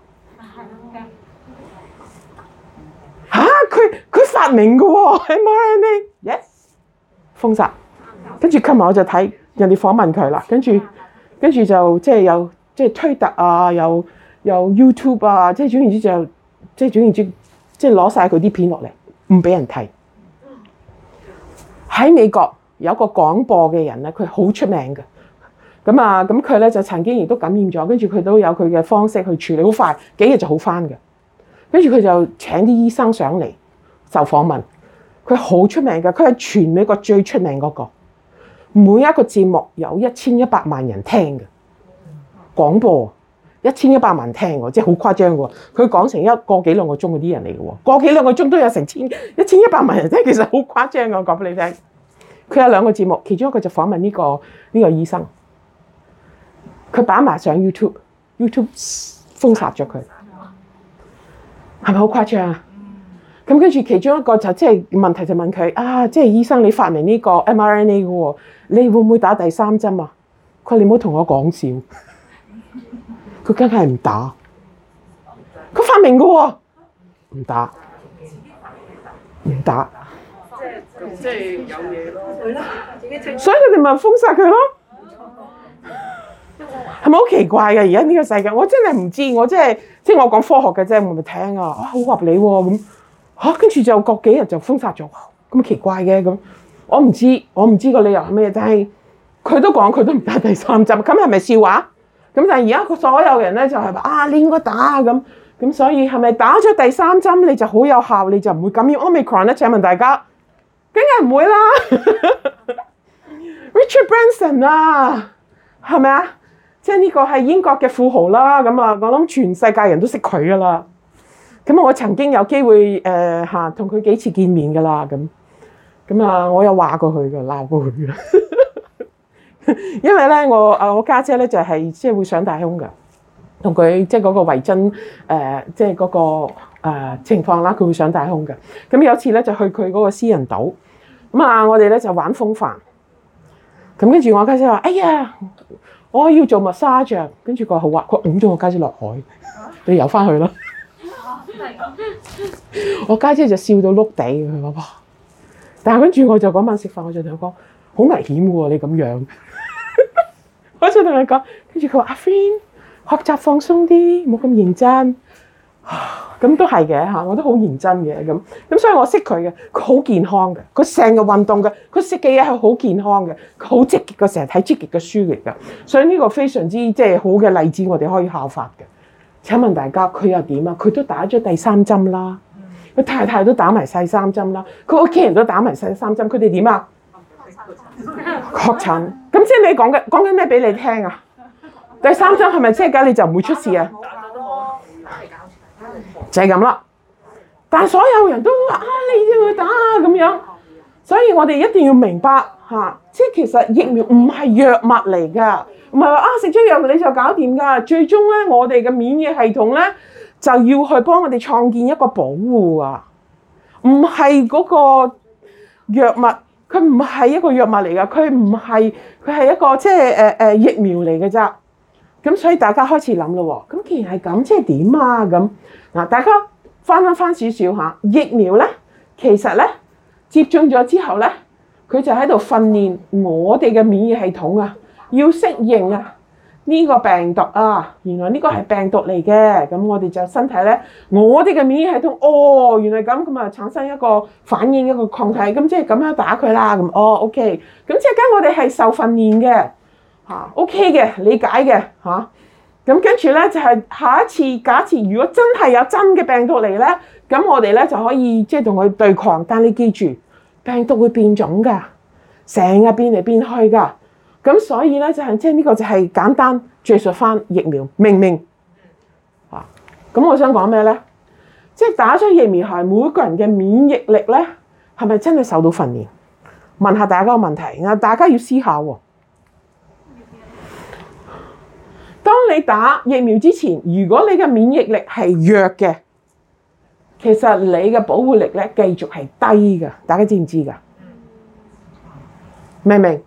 吓、啊？佢佢發明㗎喎，mRNA、啊、？Yes，封殺。跟住今日我就睇人哋訪問佢啦，跟住跟住就即係、就是、有即係、就是、推特啊，有有 YouTube 啊，即、就、係、是、總言之就。即係總之，即係攞晒佢啲片落嚟，唔俾人睇。喺美國有個廣播嘅人咧，佢好出名嘅。咁啊，咁佢咧就曾經亦都感染咗，跟住佢都有佢嘅方式去處理，好快幾日就好返嘅。跟住佢就請啲醫生上嚟就訪問。佢好出名嘅，佢係全美國最出名嗰個。每一個節目有一千一百萬人聽嘅廣播。一千一百萬聽喎，即係好誇張嘅喎。佢講成一個幾兩的個鐘嗰啲人嚟嘅喎，個幾兩個鐘都有成千一千一百萬人聽，即係其實好誇張，我講俾你聽，佢有兩個節目，其中一個就訪問呢個呢個醫生，佢擺埋上 YouTube，YouTube YouTube，封殺咗佢，係咪好誇張啊？咁跟住其中一個就即係問題就問佢啊，即係醫生你發明呢個 mRNA 嘅喎，你會唔會打第三針啊？佢話你唔好同我講笑。佢梗係唔打，佢發明嘅喎，唔打，唔打。所以佢哋咪封殺佢咯。係咪好奇怪嘅？而家呢個世界，我真係唔知道。我即係我講科學嘅啫，我咪，咪聽啊。啊，好合理喎。跟住就過幾日就封殺咗，咁奇怪嘅，我唔知，我唔知，道我唔知道個理由係咩。但係佢都講，佢都唔打第三集，咁係咪笑話？咁但係而家個所有的人咧就係話啊，你應該打啊咁咁，所以係咪打咗第三針你就好有效，你就唔會噉要 Omicron 咧？請問大家，梗係唔會啦 (laughs) ，Richard Branson 啊，係咪啊？即係呢個係英國嘅富豪啦。咁啊，我諗全世界人都識佢噶啦。咁我曾經有機會誒嚇同佢幾次見面噶啦。咁咁啊，我又話過佢噶，鬧過佢。 (laughs) 因為咧，我啊我家姐咧就係即係會上太空噶，同佢即係嗰個維珍誒，即係嗰個誒情況啦，佢會上太空噶。咁有一次咧就去佢嗰個私人島咁啊，我哋咧就玩風帆。咁跟住我家姐話：哎呀，我要做 massage 跟住佢話好滑，佢㧬咗我家姐落海，你游翻去咯。我家姐就笑到碌地，佢話哇！但係跟住我就嗰晚食飯，我就同佢講好危險噶喎，你咁樣。我想同你講，跟住佢話：阿芬，學習放鬆啲，冇咁認真。咁都係嘅吓，我都好認真嘅咁。咁所以我識佢嘅，佢好健康嘅，佢成日運動嘅，佢食嘅嘢係好健康嘅，佢好積極嘅，成日睇積極嘅書嚟嘅。所以呢個非常之即係、就是、好嘅例子，我哋可以效法嘅。請問大家，佢又點啊？佢都打咗第三針啦，佢太太都打埋曬三針啦，佢屋企人都打埋曬三針，佢哋點啊？確診，咁即係你講嘅講緊咩俾你聽啊？第三針係咪即係咁你就唔會出事啊？就係咁啦，但係所有人都話啊你要打咁樣，所以我哋一定要明白吓，即、啊、係其實疫苗唔係藥物嚟噶，唔係話啊食咗藥物你就搞掂噶，最終咧我哋嘅免疫系統咧就要去幫我哋創建一個保護啊，唔係嗰個藥物。佢唔係一個藥物嚟噶，佢唔係，佢係一個即係誒誒疫苗嚟嘅啫。咁所以大家開始諗咯喎。咁既然係咁，即係點啊？咁嗱，大家翻一翻少少吓疫苗咧，其實咧接種咗之後咧，佢就喺度訓練我哋嘅免疫系統啊，要適應啊。呢個病毒啊，原來呢個係病毒嚟嘅，咁我哋就身體咧，我哋嘅免疫系統，哦，原來咁，咁啊產生一個反應、一個抗體，咁即係咁樣打佢啦，咁哦，OK，咁即係跟我哋係受訓練嘅，嚇，啊，OK 嘅理解嘅，嚇，啊，咁跟住咧就係下一次假設如果真係有真嘅病毒嚟咧，咁我哋咧就可以即係同佢對抗，但你記住，病毒會變種㗎，成日變嚟變去㗎。所以呢，就係即係呢個就係簡單敘述返疫苗，明唔明？啊，咁我想講咩呢？即係打咗疫苗，係每個人嘅免疫力呢，係咪真係受到訓練？問下大家個問題，大家要思考喎。當你打疫苗之前，如果你嘅免疫力係弱嘅，其實你嘅保護力呢，繼續係低㗎，大家知唔知㗎？明唔明？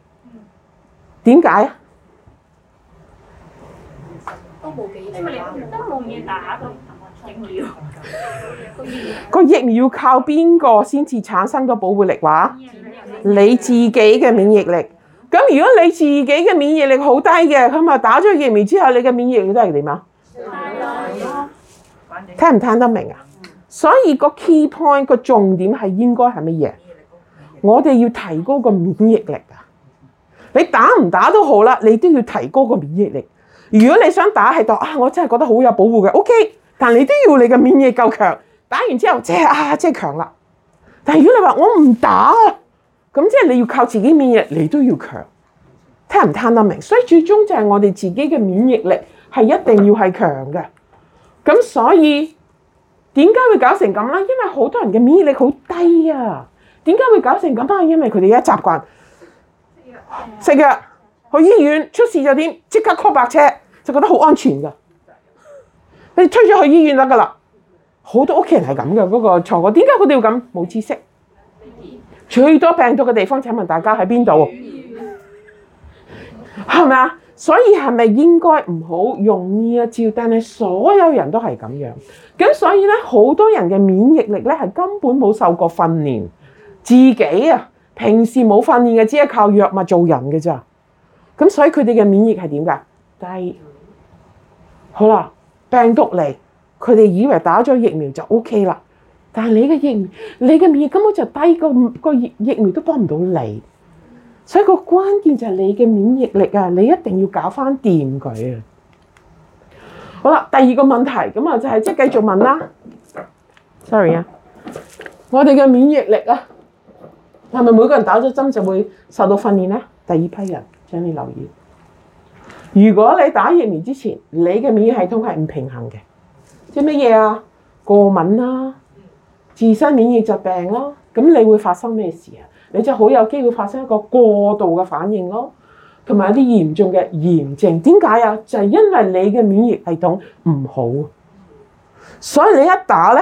點解啊？你都冇幾，都冇嘢打都。個疫苗，要 (laughs) 靠邊個先至產生咗保護力話？你自己嘅免疫力。咁如果你自己嘅免疫力好低嘅，佢咪打咗疫苗之後，你嘅免疫力都係點啊？聽唔聽得明啊？所以個 key point，個重點係應該係乜嘢？我哋要提高個免疫力。你打唔打都好啦，你都要提高個免疫力。如果你想打係度啊，我真係覺得好有保護嘅。OK，但你都要你嘅免疫夠強。打完之後即係啊，即係強啦。但係如果你話我唔打，咁即係你要靠自己免疫力，你都要強。聽唔聽得明？所以最終就係我哋自己嘅免疫力係一定要係強嘅。咁所以點解會搞成咁咧？因為好多人嘅免疫力好低啊。點解會搞成咁啊？因為佢哋一習慣。食藥，去醫院，出事就點？即刻 call 白車，就覺得好安全噶。你推咗去醫院啦噶啦，好多屋企人係咁噶，嗰個錯覺。點解佢哋要咁？冇知識。最多病毒嘅地方，請問大家喺邊度？係咪啊？所以係咪應該唔好用呢一招？但係、啊、所有人都係咁樣。咁所以咧，好多人嘅免疫力咧係根本冇受過訓練，自己啊。平時冇訓練嘅，只係靠藥物做人嘅。咁所以佢哋嘅免疫力係點㗎？低。好啦，病毒嚟，佢哋以為打咗疫苗就 OK 啦。但係你嘅疫苗，你嘅免疫根本就低，個個疫苗都幫唔到你。所以個關鍵就係你嘅免疫力啊！你一定要搞返掂佢啊！好啦，第二個問題咁啊，就係即繼續問啦。Sorry 啊，我哋嘅免疫力啊。係咪每個人打咗針就會受到訓練呢？第二批人，請你留意。如果你打疫苗之前，你嘅免疫系統係唔平衡嘅，即係咩嘢啊？過敏啦，自身免疫疾病啊，咁你會發生咩事啊？你就好有機會發生一個過度嘅反應咯，同埋一啲嚴重嘅炎症。點解啊？就係因為你嘅免疫系統唔好，所以你一打呢，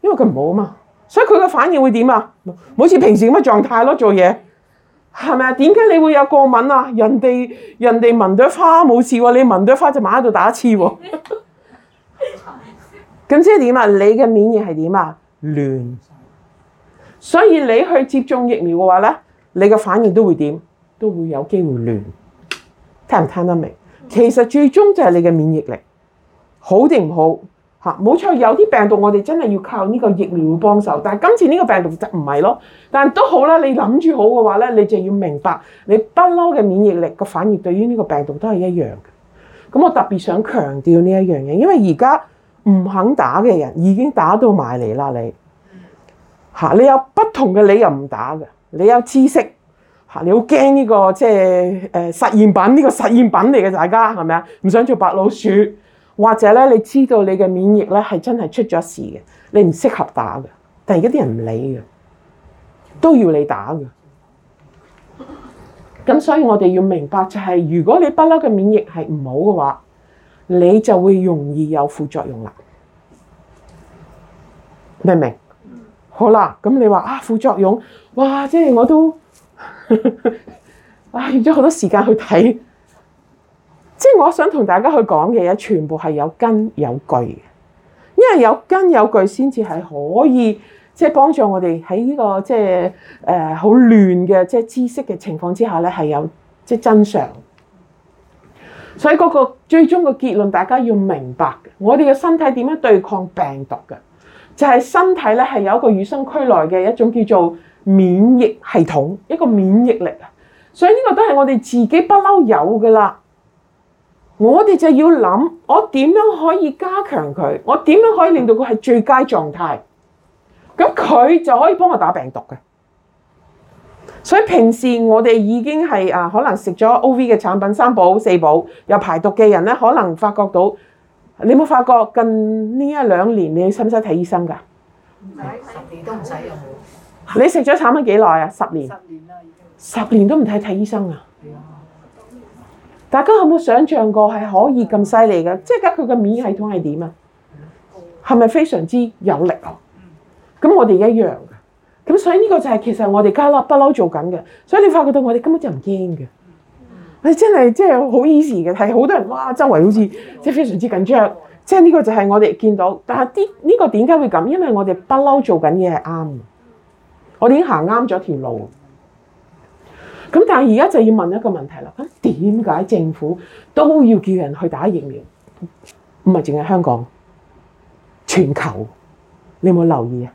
因為佢唔好嘛。所以佢嘅反應會點啊？好似平時咁嘅狀態咯，做嘢係咪啊？點解你會有過敏啊？人哋人哋聞到花冇事喎，你聞到花就馬喺度打刺喎。咁即係點啊？你嘅免疫力係點啊？亂。所以你去接種疫苗嘅話咧，你嘅反應都會點？都會有機會亂。聽唔聽得明？其實最終就係你嘅免疫力好定唔好？嚇！冇錯，有啲病毒我哋真係要靠呢個疫苗幫手，但係今次呢個病毒就唔係咯。但係都好啦，你諗住好嘅話咧，你就要明白，你不嬲嘅免疫力個反應對於呢個病毒都係一樣嘅。咁我特別想強調呢一樣嘢，因為而家唔肯打嘅人已經打到埋嚟啦。你嚇，你有不同嘅理由唔打㗎，你有知識嚇，你好驚呢個即係誒實驗品，呢個實驗品嚟嘅，大家係咪啊？唔想做白老鼠。或者咧，你知道你嘅免疫咧係真係出咗事嘅，你唔適合打嘅。但係而家啲人唔理嘅，都要你打嘅。咁所以我哋要明白就係，如果你不嬲嘅免疫係唔好嘅話，你就會容易有副作用啦。明唔明？好啦，咁你話啊，副作用，哇，即係我都， (laughs) 啊，用咗好多時間去睇。即係我想同大家去講嘅嘢，全部係有根有據嘅，因為有根有據先至係可以即係幫助我哋喺呢個即係誒好亂嘅即係知識嘅情況之下咧，係有即係真相。所以嗰個最終個結論，大家要明白嘅，我哋嘅身體點樣對抗病毒嘅，就係、是、身體咧係有一個與生俱來嘅一種叫做免疫系統，一個免疫力。所以呢個都係我哋自己不嬲有噶啦。我哋就要諗，我點樣可以加強佢？我點樣可以令到佢係最佳狀態？咁佢就可以幫我打病毒嘅。所以平時我哋已經係啊，可能食咗 OV 嘅產品，三寶四寶有排毒嘅人咧，可能發覺到你冇發覺近呢一兩年，你使唔使睇醫生噶？唔使，你都唔使用。你食咗產品幾耐啊？十年。十年，十年都唔睇睇醫生啊？啊。大家有冇想象過係可以咁犀利嘅？即係而家佢個免疫系統係點啊？係咪非常之有力啊？咁我哋一樣嘅。咁所以呢個就係其實我哋加樂不嬲做緊嘅。所以你發覺到我哋根本就唔驚嘅。你真係真係好 easy 嘅。係好多人哇，周圍好似即係非常之緊張。即係呢個就係我哋見到。但係啲呢個點解會咁？因為我哋不嬲做緊嘢係啱。我哋已經行啱咗一條路。咁但係而家就要問一個問題啦，咁點解政府都要叫人去打疫苗？唔係淨係香港，全球你有冇留意啊？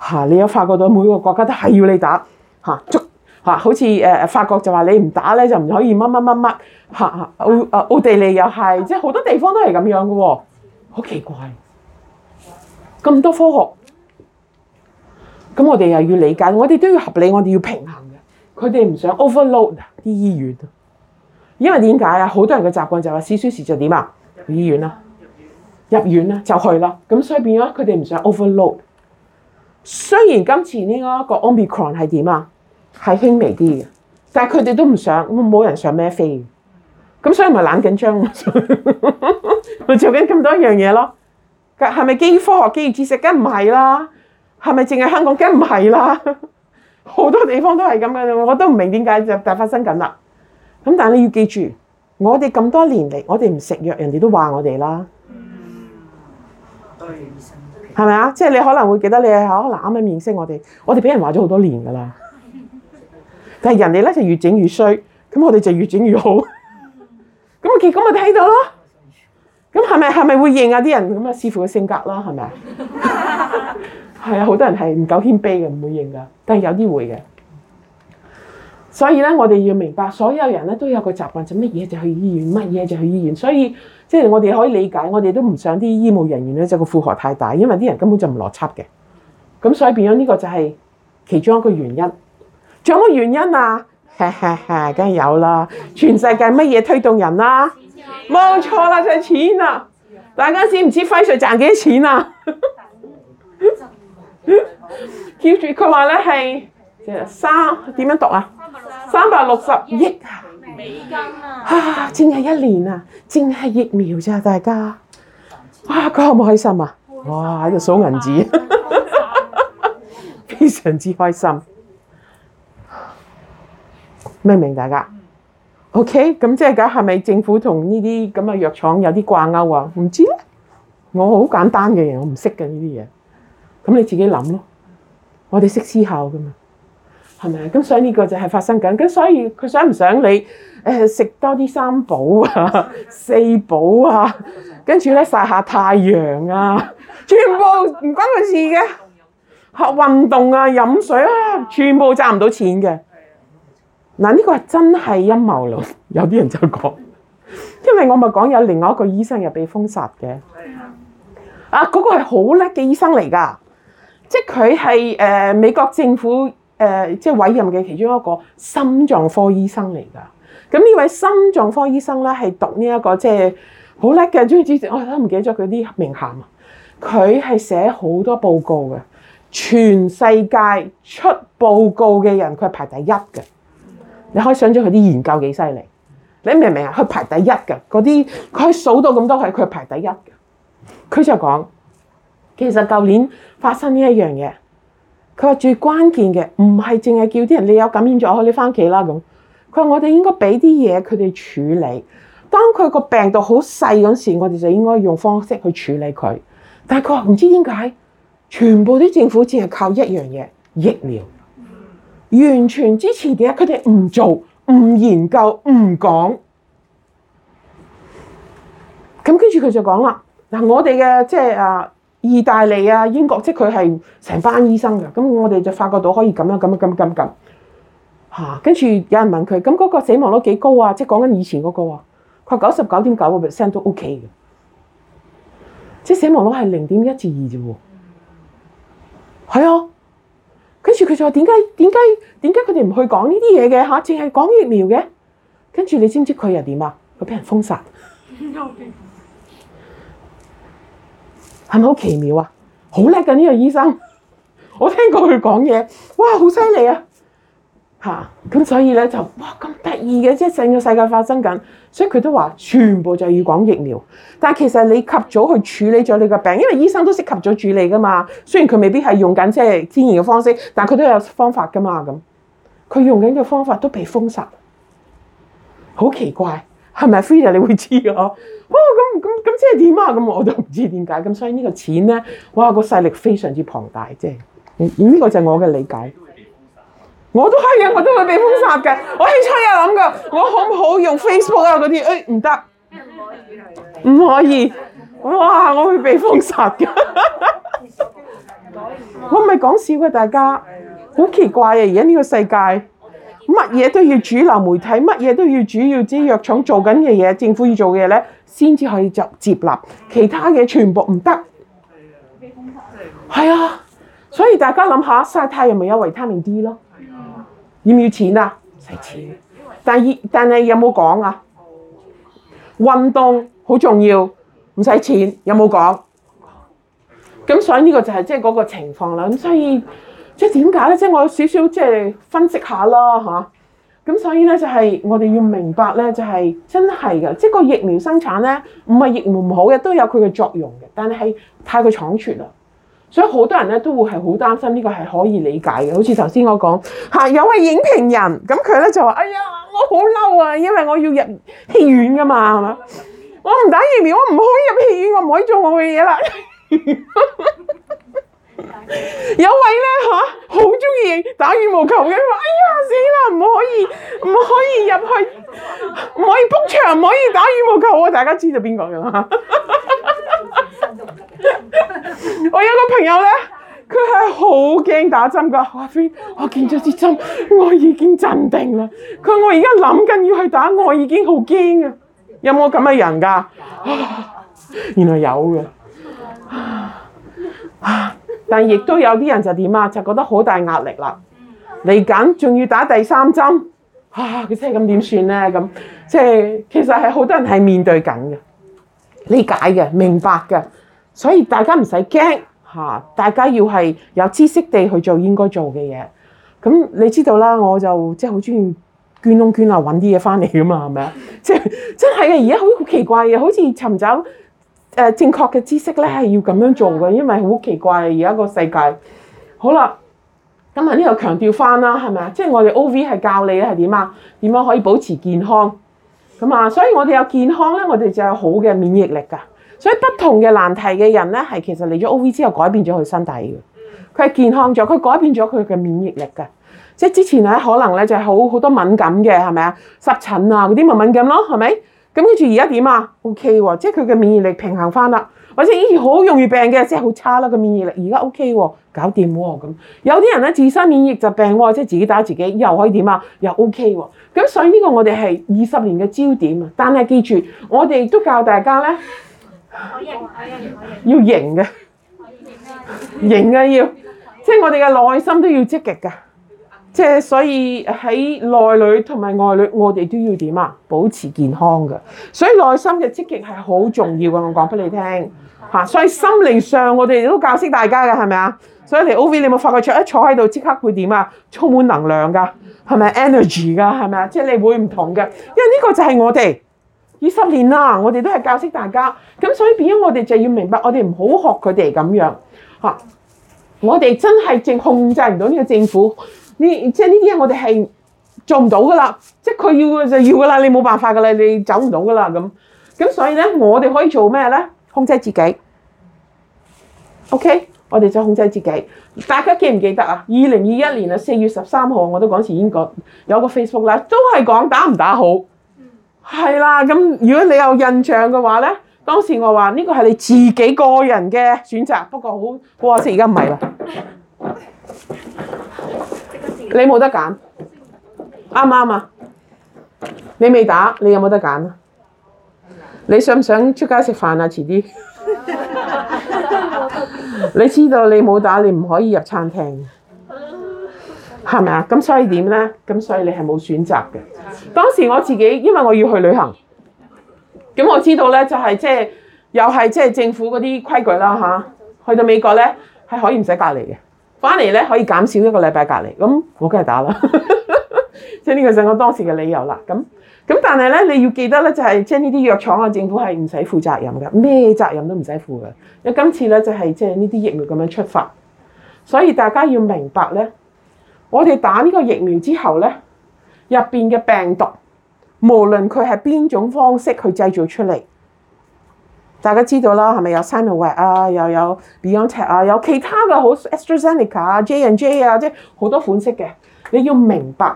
吓，你有發覺到每個國家都係要你打吓，足吓，好似誒法國就話你唔打咧就唔可以乜乜乜乜吓，奧奧地利又係，即係好多地方都係咁樣嘅喎，好奇怪，咁多科學，咁我哋又要理解，我哋都要合理，我哋要平衡。佢哋唔想 overload 啲醫院，因為點解啊？好多人嘅習慣就係話，事出時就點啊，入醫院啦，入院啦就去啦，咁所以變咗佢哋唔想 overload。雖然今次呢個個 Omicron 係點啊，係輕微啲嘅，但係佢哋都唔想冇人上咩飛，咁所以咪懶緊張，咪 (laughs) 做緊咁多樣嘢咯。係咪基於科學、基於知識？梗唔係啦，係咪淨係香港？梗唔係啦。好多地方都係咁嘅，我都唔明點解就就發生緊啦。咁但係你要記住，我哋咁多年嚟，我哋唔食藥，人哋都話我哋啦。係咪啊？即係、就是、你可能會記得你係啱啱面識我哋，我哋俾人話咗好多年噶啦。 (laughs) 但係人哋咧就越整越衰，咁我哋就越整越好。咁啊結果咪睇到咯。咁係咪，係咪會認啊啲人咁啊，視乎嘅性格啦，係咪啊？是不是 (laughs) 係啊，好多人係唔夠謙卑嘅，唔會認噶。但係有啲會嘅，所以咧，我哋要明白，所有人咧都有個習慣，就乜嘢就去醫院，乜嘢就去醫院。所以即係我哋可以理解，我哋都唔想啲醫務人員咧就個負荷太大，因為啲人根本就唔邏輯嘅。咁所以變咗呢個就係其中一個原因。仲有乜原因啊？梗 (laughs) 係有啦！全世界乜嘢推動人啦、啊？冇錯啦，就係、是、錢啦、啊！大家知唔知輝瑞賺幾多錢啊？叫住佢話咧係即係三點樣讀啊？三百六十億啊！美金啊！啊，淨係一年啊，淨係疫苗咋，大家哇，佢好唔開心啊！哇，喺度數銀紙，非常之開心，明唔明？大家？O K，咁即係咁係咪政府同呢啲咁嘅藥廠有啲掛鈎啊？唔知咧，我好簡單嘅嘢，我唔識嘅呢啲嘢。咁你自己諗咯，我哋識思考噶嘛，係咪啊？咁所以呢個就係發生緊，咁所以佢想唔想你誒食，呃、多啲三寶啊、四寶啊，跟住咧曬下太陽啊，全部唔關佢事嘅，吓運動啊、飲水啊，全部賺唔到錢嘅。嗱呢、呢個係真係陰謀論，有啲人就講，因為我咪講有另外一個醫生又被封殺嘅，啊，嗰、嗰個係好叻嘅醫生嚟噶。即係佢係誒美國政府誒即係委任嘅其中一個心臟科醫生嚟㗎。咁呢位心臟科醫生咧係讀呢、這、一個即係好叻嘅，總之我都唔記得咗佢啲名銜啊。佢係寫好多報告嘅，全世界出報告嘅人佢係排第一嘅。你可以想像佢啲研究幾犀利，你明唔明啊？佢排第一嘅，嗰啲佢數到咁多佢，佢係排第一嘅。佢就講。其實舊年發生呢一樣嘢，佢話最關鍵嘅唔係淨係叫啲人，你有感染咗，你翻屋企啦咁。佢話我哋應該俾啲嘢佢哋處理。當佢個病毒好細嗰陣時，我哋就應該用方式去處理佢。但係佢話唔知點解，全部啲政府只係靠一樣嘢疫苗，完全支持嘅，佢哋唔做、唔研究、唔講。咁跟住佢就講啦，嗱我哋嘅即係啊。呃意大利啊，英國，即佢係成班醫生㗎，咁我哋就發覺到可以咁啊，咁啊，咁咁咁，嚇！跟住有人問佢，咁、那、嗰個死亡率幾高啊？即講緊以前嗰、那個，佢話九十九點九個 percent 都 OK 嘅，即死亡率係零點一至二啫喎。係啊，跟住佢就話點解點解點解佢哋唔去講呢啲嘢嘅吓，淨係講疫苗嘅。跟住你知唔知佢又點啊？佢俾人封殺。 (laughs) 係咪好奇妙啊？好叻嘅呢個醫生，我聽過佢講嘢，哇，好犀利啊！咁、啊、所以呢，就哇咁得意嘅，即係整個世界發生緊，所以佢都話全部就要講疫苗。但其實你及早去處理咗你個病，因為醫生都識及早處理㗎嘛。雖然佢未必係用緊即係天然嘅方式，但係佢都有方法㗎嘛。咁佢用緊嘅方法都被封殺，好奇怪。係咪 f r e e 你會知嘅嗬、哦。哇！咁咁即係點啊？我都唔知點解。所以呢個錢我哇！個勢力非常之龐大，即係呢個就係我嘅理解。我都係我都會被封殺嘅。我，也我，也我，也殺的 (laughs) 我起初有諗嘅，我可唔可以用 Facebook 啊些？嗰啲誒唔得，唔可以。唔可以 (laughs) 哇！我會被封殺嘅 (laughs) 我唔係講笑嘅，大家好 (laughs) 奇怪嘅而家呢個世界。乜嘢都要主流媒體，乜嘢都要主要啲藥廠做緊嘅嘢，政府要做嘅嘢咧，先至可以就接納，其他嘢全部唔得。係、嗯、啊，所以大家諗下晒太陽咪有維他命 D 咯。嗯。要唔要錢啊？唔使錢。但係但係有冇講啊？運動好重要，唔使錢，有冇講？咁所以呢個就係即係嗰個情況啦。咁所以。即係點解咧？即係我有少少即係分析下啦嚇。咁所以咧就係我哋要明白咧，就係真係嘅。即係個疫苗生產咧，唔係疫苗唔好嘅，都有佢嘅作用嘅。但係太過倉促啦，所以好多人咧都會係好擔心呢個係可以理解嘅。好似頭先我講嚇，有位影評人咁佢咧就話：哎呀，我好嬲啊！因為我要入戲院噶嘛，我唔打疫苗，我唔可以入戲院，我唔可以做我嘅嘢啦。 (laughs) 有位咧吓，好中意打羽毛球嘅，話，哎呀死啦，唔可以唔可以入去，唔可以 book 場，唔可以打羽毛球。我大家知道邊個嘅啦？啊、 (laughs) 我有個朋友咧，佢係好驚打針噶，阿、啊、我見咗支針，我已經鎮定啦。佢話我而家諗緊要去打，我已經好驚啊！有冇咁嘅人噶、啊？原來有嘅。啊啊但亦都有啲人就點啊？就覺得好大壓力啦。嚟緊仲要打第三針，嚇、啊！佢真係咁點算咧？咁即係其實係好多人係面對緊嘅，理解嘅、明白嘅，所以大家唔使驚嚇。大家要係有知識地去做應該做嘅嘢。咁你知道啦，我就即係好中意捐窿捐罅，揾啲嘢返嚟㗎嘛，係咪啊？即係真係嘅，而家好奇怪嘅，好似尋找。誒正確嘅知識咧係要咁樣做嘅，因為好奇怪而家個世界。好啦，咁啊呢度強調翻啦，係咪啊？即係我哋 OV 係教你係點啊？點樣可以保持健康？咁啊，所以我哋有健康咧，我哋就有好嘅免疫力㗎。所以不同嘅難題嘅人咧，係其實嚟咗 OV 之後改變咗佢身體嘅，佢係健康咗，佢改變咗佢嘅免疫力㗎。即係之前咧可能咧就係好好多敏感嘅，係咪啊？濕疹啊嗰啲咪敏感咯，係咪？跟住而家點啊？O K 喎，OK，即係佢嘅免疫力平衡翻啦。或者以前好容易病嘅，即係好差啦個免疫力。而家 O K 喎，搞掂喎咁。有啲人自身免疫疾病，即自己打自己，又可以點啊？又 O K 喎。咁所以呢個我哋係二十年嘅焦點啊。但係記住，我哋都教大家咧，要型嘅，贏的要，即係我哋嘅內心都要積極㗎。即係，所以喺內裏同埋外裏，我哋都要點啊？保持健康嘅，所以內心嘅積極係好重要嘅。我講俾你聽嚇，所以心靈上我哋都教識大家嘅，係咪啊？所以嚟 O V，你有冇發覺坐一坐喺度即刻會點啊？充滿能量噶，係咪 Energy 噶係咪啊？即係你會唔同嘅，因為呢個就係我哋二十年啦。我哋都係教識大家咁，所以變咗我哋就要明白我們不要們，我哋唔好學佢哋咁樣嚇。我哋真係淨控制唔到呢個政府。你即係呢啲嘢，我哋係做唔到噶啦，即係佢要嘅就要噶啦，你冇辦法噶啦，你走唔到噶啦咁。咁所以咧，我哋可以做咩咧？控制自己。OK，我哋就控制自己。大家記唔記得啊？二零二一年啊，四月十三號，我都嗰時已經講，有個 Facebook 啦，都係講打唔打好。嗯。係啦，咁如果你有印象嘅話咧，當時我話呢個係你自己個人嘅選擇，不過好可惜而家唔係啦。你冇得揀，啱啱啊！你未打，你有冇得揀啊？你想唔想出街食飯啊？遲啲，你知道你冇打，你唔可以入餐廳，係咪啊？咁所以點呢？咁所以你係冇選擇嘅。當時我自己因為我要去旅行，咁我知道呢、就係，是就係即係又係即係政府嗰啲規矩啦嚇。去到美國呢，係可以唔使隔離嘅。翻嚟咧可以減少一個禮拜隔離，咁我梗係打啦，即係呢個就我當時嘅理由啦。咁咁但係咧你要記得咧，就係即係呢啲藥廠啊，政府係唔使負責任㗎，咩責任都唔使負㗎。因今次咧就係即係呢啲疫苗咁樣出發，所以大家要明白咧，我哋打呢個疫苗之後咧，入面嘅病毒，無論佢係邊種方式去製造出嚟。大家知道啦，係咪有 Sinovac 啊，又有，有 BioNTech 啊，有其他嘅好 AstraZeneca 啊、J and J 啊，即係好多款式嘅。你要明白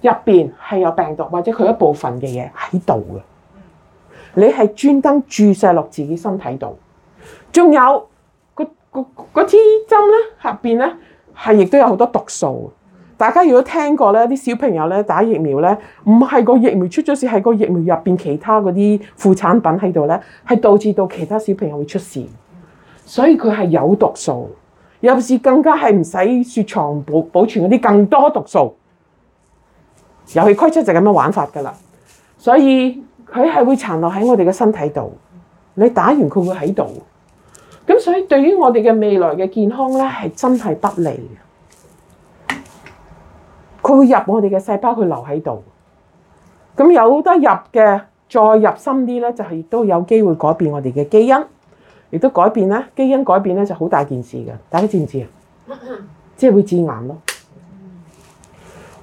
入面係有病毒或者佢一部分嘅嘢喺度嘅。你係專登注射落自己身體度，仲有個支針咧，下面咧係亦都有好多毒素。大家如果聽過咧，啲小朋友咧打疫苗咧，唔係個疫苗出咗事，係個疫苗入邊其他嗰啲副產品喺度咧，係導致到其他小朋友會出事。所以佢係有毒素，尤其更加係唔使雪藏保保存嗰啲更多毒素。遊戲規則就咁樣的玩法噶啦，所以佢係會殘留喺我哋嘅身體度。你打完佢會喺度，咁所以對於我哋嘅未來嘅健康咧，係真係不利。佢會入我哋嘅細胞，佢留喺度。咁有好多入嘅，再入深啲呢就係都有機會改變我哋嘅基因，亦都改變咧。基因改變呢就好大件事嘅。大家知唔知啊？即係會致癌囉。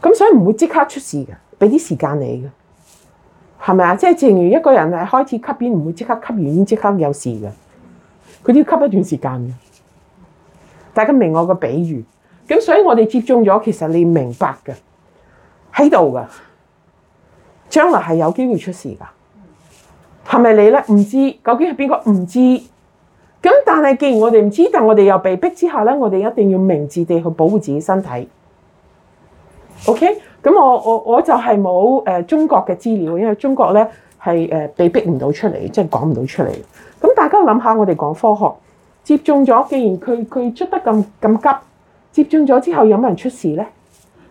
咁所以唔會即刻出事嘅，俾啲時間你嘅，係咪？即係正如一個人係開始吸煙，唔會即刻吸完煙即刻有事嘅，佢都要吸一段時間嘅。大家明我個比喻？咁所以，我哋接種咗，其實你明白㗎喺度㗎，將來係有機會出事㗎，係咪你咧？唔知究竟係邊個唔知？咁但係，既然我哋唔知，但係我哋又被逼之下咧，我哋一定要明智地去保護自己身體。OK，咁我我我就係冇中國嘅資料，因為中國咧係被逼唔到出嚟，即係講唔到出嚟。咁大家諗下，我哋講科學，接種咗，既然佢佢出得咁咁急。接種咗之後有冇人出事咧？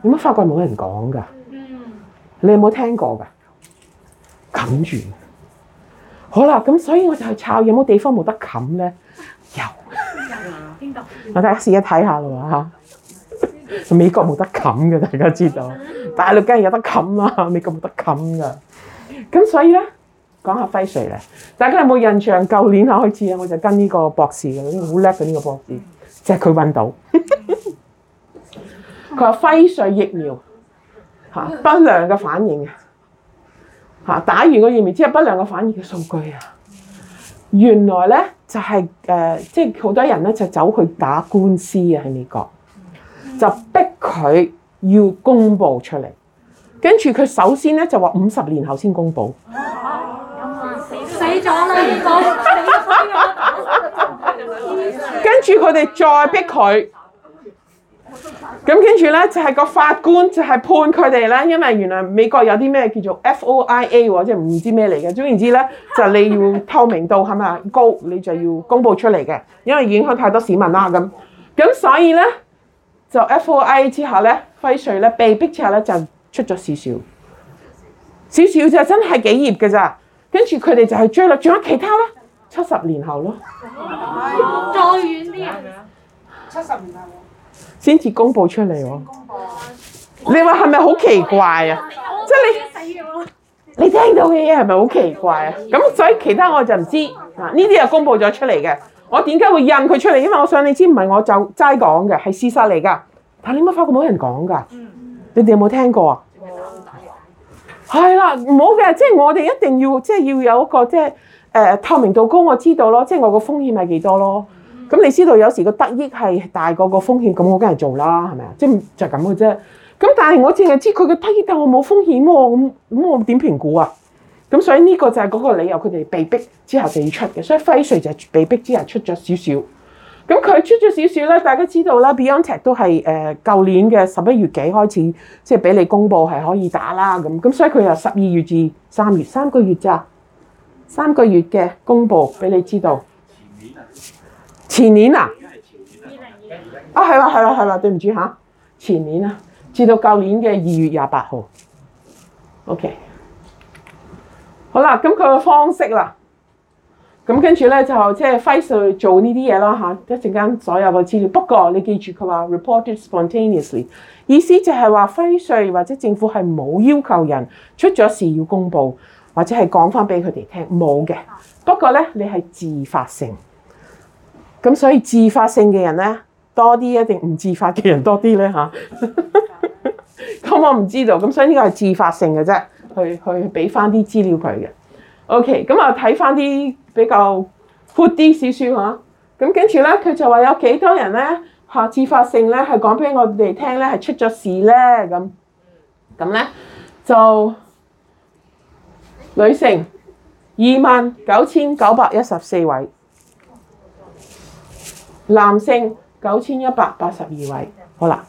點解法國冇人講噶？你有冇聽過噶？冚住了，好啦，咁所以我就去抄，有冇地方冇得冚咧？有，邊度？我睇下試一睇下啦喎 (laughs) 美國冇得冚嘅，大家知道。大陸梗係有得冚啦，美國冇得冚噶。咁所以咧，講下輝瑞咧。大家有冇印象？舊年開始啊，我就跟呢個博士嘅，好叻嘅呢個博士。即係佢揾到，佢 (laughs) 話輝瑞疫苗嚇不良嘅反應啊，嚇打完個疫苗之後不良嘅反應嘅數據啊，原來咧就係即係好多人咧就走去打官司啊喺美國，就逼佢要公佈出嚟，跟住佢首先咧就話五十年後先公佈，死咗啦！死公。死了 (laughs) 跟住佢哋再逼佢，咁跟住咧就係、是、個法官就係判佢哋咧，因為原來美國有啲咩叫做 FOIA，即係唔知咩嚟嘅。總言之咧就你要透明度係咪高，你就要公布出嚟嘅，因為影響太多市民啦咁。咁所以咧就 FOIA 之後咧，輝瑞咧被逼之後咧就出咗少少。少少就真係幾頁嘅咋。跟住佢哋就係追落仲有其他咧。七十年後咯，再遠啲啊！七十年後先至公佈出嚟喎。你話係咪好奇怪啊、哦？即係你你聽到嘅嘢係咪好奇怪啊？咁所以其他我就唔知啊。呢啲又公佈咗出嚟嘅，我點解會印佢出嚟？因為我想你知唔係，唔係我就齋講嘅，係事實嚟㗎。但你冇發覺冇人講㗎？你哋有冇聽過啊？係、哦、啦，唔好嘅，即係我哋一定要，即係要有一個即係。誒透明度高，我知道咯，即係我個風險係幾多咯。咁你知道有時個得益係大過個風險，咁我梗係做啦，係咪啊？即係就係咁嘅啫。咁但係我淨係知佢個得益，但我冇風險喎。咁咁我點評估啊？咁所以呢個就係嗰個理由，佢哋被逼之後就要出嘅。所以輝瑞就係被逼之後出咗少少。咁佢出咗少少咧，大家知道啦，BioNTech 都係誒舊年嘅十一月幾開始，即係俾你公佈係可以打啦。咁咁所以佢又十二月至三月三個月咋。三個月嘅公佈俾你知道，前年啊，前年啊，啊係啦係啦係啦，對唔住嚇，前年啊，至到舊年嘅二月廿八號，OK，好啦，咁佢嘅方式啦，咁跟住咧就即係輝瑞做呢啲嘢啦嚇，一陣間所有嘅資料。不過你記住佢話 reported spontaneously，意思就係話輝瑞或者政府係冇要求人出咗事要公佈。或者係講翻俾佢哋聽冇嘅，不過咧你係自發性，咁所以自發性嘅人咧多啲，一定唔自發嘅人多啲咧吓。咁、嗯、 (laughs) 我唔知道，咁所以呢個係自發性嘅啫，去去俾翻啲資料佢嘅。OK，咁啊睇翻啲比較闊啲少少。吓，咁跟住咧佢就話有幾多人咧吓自發性咧係講俾我哋聽咧係出咗事咧咁，咁咧就。女性二萬九千九百一十四位，男性九千一百八十二位。好啦，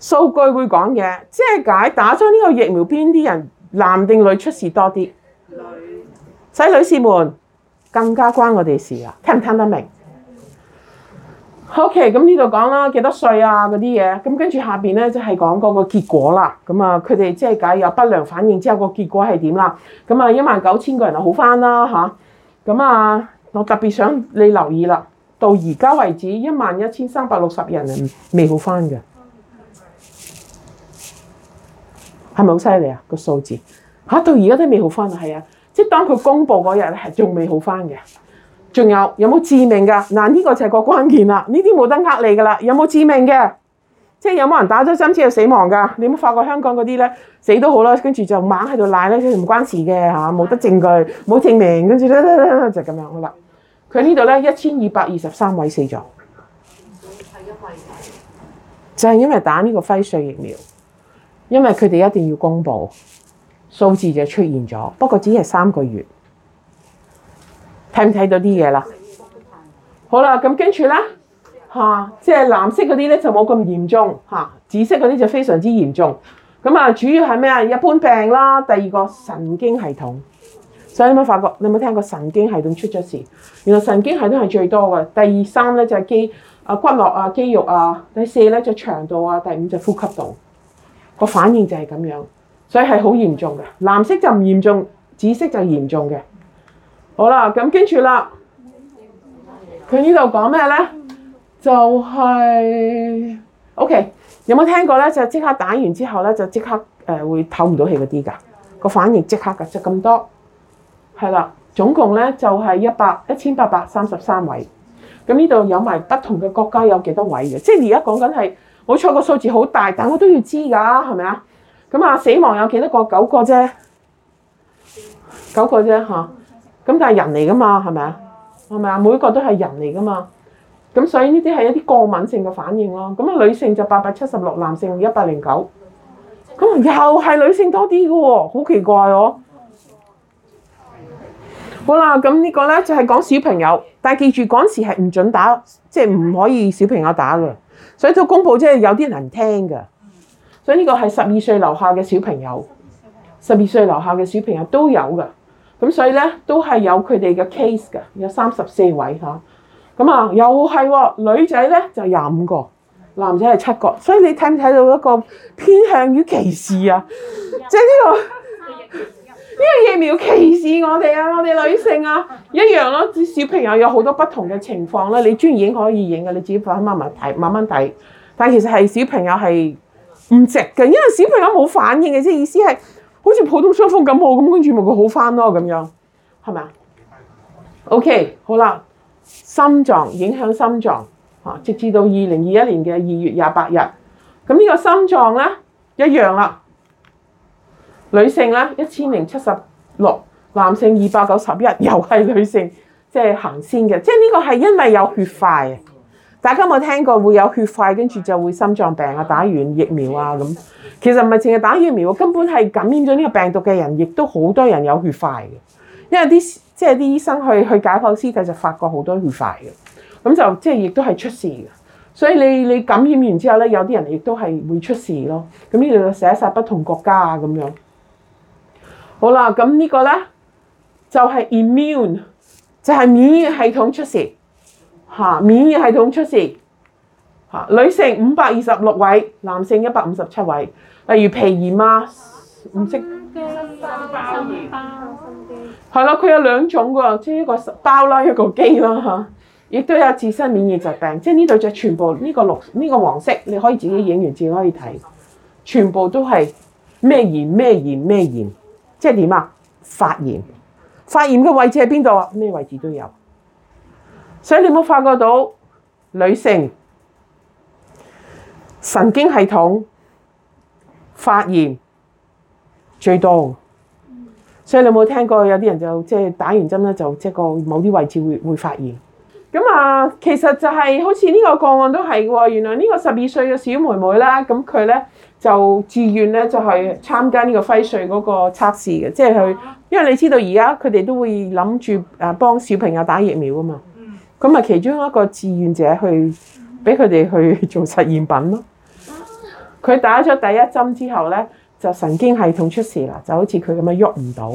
數據會講嘢，即係解打咗呢個疫苗邊啲人，男定女出事多啲？使女，女士們更加關我哋事啦、啊，聽唔聽得明？O.K. 咁呢度講啦，幾多歲啊嗰啲嘢，咁跟住下邊咧就係講嗰個結果啦。咁啊，佢哋即係解有不良反應之後個結果係點啦？咁啊，一萬九千個人啊好翻啦吓。咁啊，我特別想你留意啦。到而家為止，一萬一千三百六十人啊未好翻嘅，係咪好犀利啊個數字？吓，到而家都未好翻啊，係啊，即係當佢公布嗰日咧係仲未好翻嘅。仲有有冇有致命㗎？嗱呢、啊呢個就係個關鍵啦。呢啲冇得呃你噶啦。有冇有致命㗎？即係有沒有冇人打咗針之後死亡㗎？你有冇發覺香港嗰啲呢？死都好啦，跟住就猛喺度賴呢，唔關事嘅冇、啊、得證據，冇證明，跟住就噉樣啦。佢呢度呢一千二百二十三位死咗，就係、是、因為打呢個輝瑞疫苗，因為佢哋一定要公布數字就出現咗，不過只係三個月。睇唔睇到啲嘢啦？好啦，咁跟住呢，吓、啊，即係藍色嗰啲呢就冇咁嚴重，吓、啊，紫色嗰啲就非常之嚴重。咁啊，主要係咩啊？一般病啦，第二個神經系統。所以你有冇發覺？你有冇聽過神經系統出咗事？原來神經系統係最多嘅。第三呢，就係肌啊骨骼啊肌肉啊。第四呢，就腸、是、道啊。第五就呼吸道。個反應就係咁樣，所以係好嚴重嘅。藍色就唔嚴重，紫色就嚴重嘅。好啦，咁跟住啦，佢呢度講咩咧？就係、是、OK，有冇聽過咧？就即刻打完之後咧、呃，就即刻誒會透唔到氣嗰啲㗎，個反應即刻㗎，就咁多，係啦，總共咧就係、是、一百一千八百三十三位。咁呢度有埋不同嘅國家有幾多位嘅？即係而家講緊係好彩個數字好大，但我都要知㗎，係咪啊？咁啊，死亡有幾多個？九個啫，九個啫吓。咁就係人嚟噶嘛，係咪啊？係咪啊？每一個都係人嚟噶嘛。咁所以呢啲係一啲過敏性嘅反應咯。咁啊，女性就八百七十六，男性一百零九。咁又係女性多啲嘅喎，好奇怪哦。好啦，咁呢個咧就係、是、講小朋友，但係記住嗰陣時係唔准打，即係唔可以小朋友打嘅。所以做公佈即係有啲難聽嘅。所以呢個係十二歲樓下嘅小朋友，十二歲樓下嘅小朋友都有嘅。咁所以咧，都係有佢哋嘅 case 㗎，有三十四位嚇。咁啊，又係女仔咧就廿五個，男仔係七個。所以你睇唔睇到一個偏向於歧視啊？即係呢個呢 (laughs) 個疫苗歧視我哋啊，我哋女性啊一樣咯、啊。小朋友有好多不同嘅情況咧，你專業已可以影嘅，你自己過慢慢睇，慢慢睇。但係其實係小朋友係唔值嘅，因為小朋友冇反應嘅，即係意思係。好似普通傷風感冒咁，跟住咪佢好返囉。咁樣係咪？OK，好啦，心臟影響心臟，直至到二零二一年嘅二月廿八日，咁呢個心臟呢，一樣啦，女性咧一千零七十六，1076，男性二百九十一，又係女性即係、就是、行先嘅，即係呢個係因為有血塊。大家有冇聽過會有血塊，跟住就會心臟病啊，打完疫苗啊咁。其實唔係淨係打疫苗，根本係感染咗呢個病毒嘅人，亦都好多人有血塊嘅。因為啲即係啲醫生去去解剖屍體就發覺好多血塊嘅，咁就即係亦都係出事嘅。所以你你感染完之後咧，有啲人亦都係會出事咯。咁呢度就寫晒不同國家啊咁樣。好啦，咁呢個咧就係 immune，就係免疫系統出事。嚇，免疫系統出事嚇。女性五百二十六位，男性一百五十七位。例如皮、嗯嗯、炎啊？唔、嗯、識。係咯，佢、啊嗯、有兩種噶，即係一個包啦，一個肌啦嚇。亦都有自身免疫疾病，即係呢度就全部呢、呢個綠呢、呢個黃色，你可以自己影完自己可以睇，全部都係咩炎咩炎咩炎，即係點啊？發炎，發炎嘅位置喺邊度啊？咩位置都有。所以你有冇發覺到女性神經系統發炎最多？所以你有冇聽過有啲人就即係打完針就即個某啲位置會發發炎？咁啊，其實就係、是、好似呢個個案都係喎。原來呢個十二歲嘅小妹妹啦，咁佢就自願咧就去參加呢個輝瑞嗰個測試嘅，即、就、係、是、因為你知道而家佢哋都會諗住幫幫小朋友打疫苗吖嘛。咁啊，其中一個志願者去俾佢哋去做實驗品咯。佢打咗第一針之後咧，就神經系統出事啦，就好似佢咁樣喐唔到。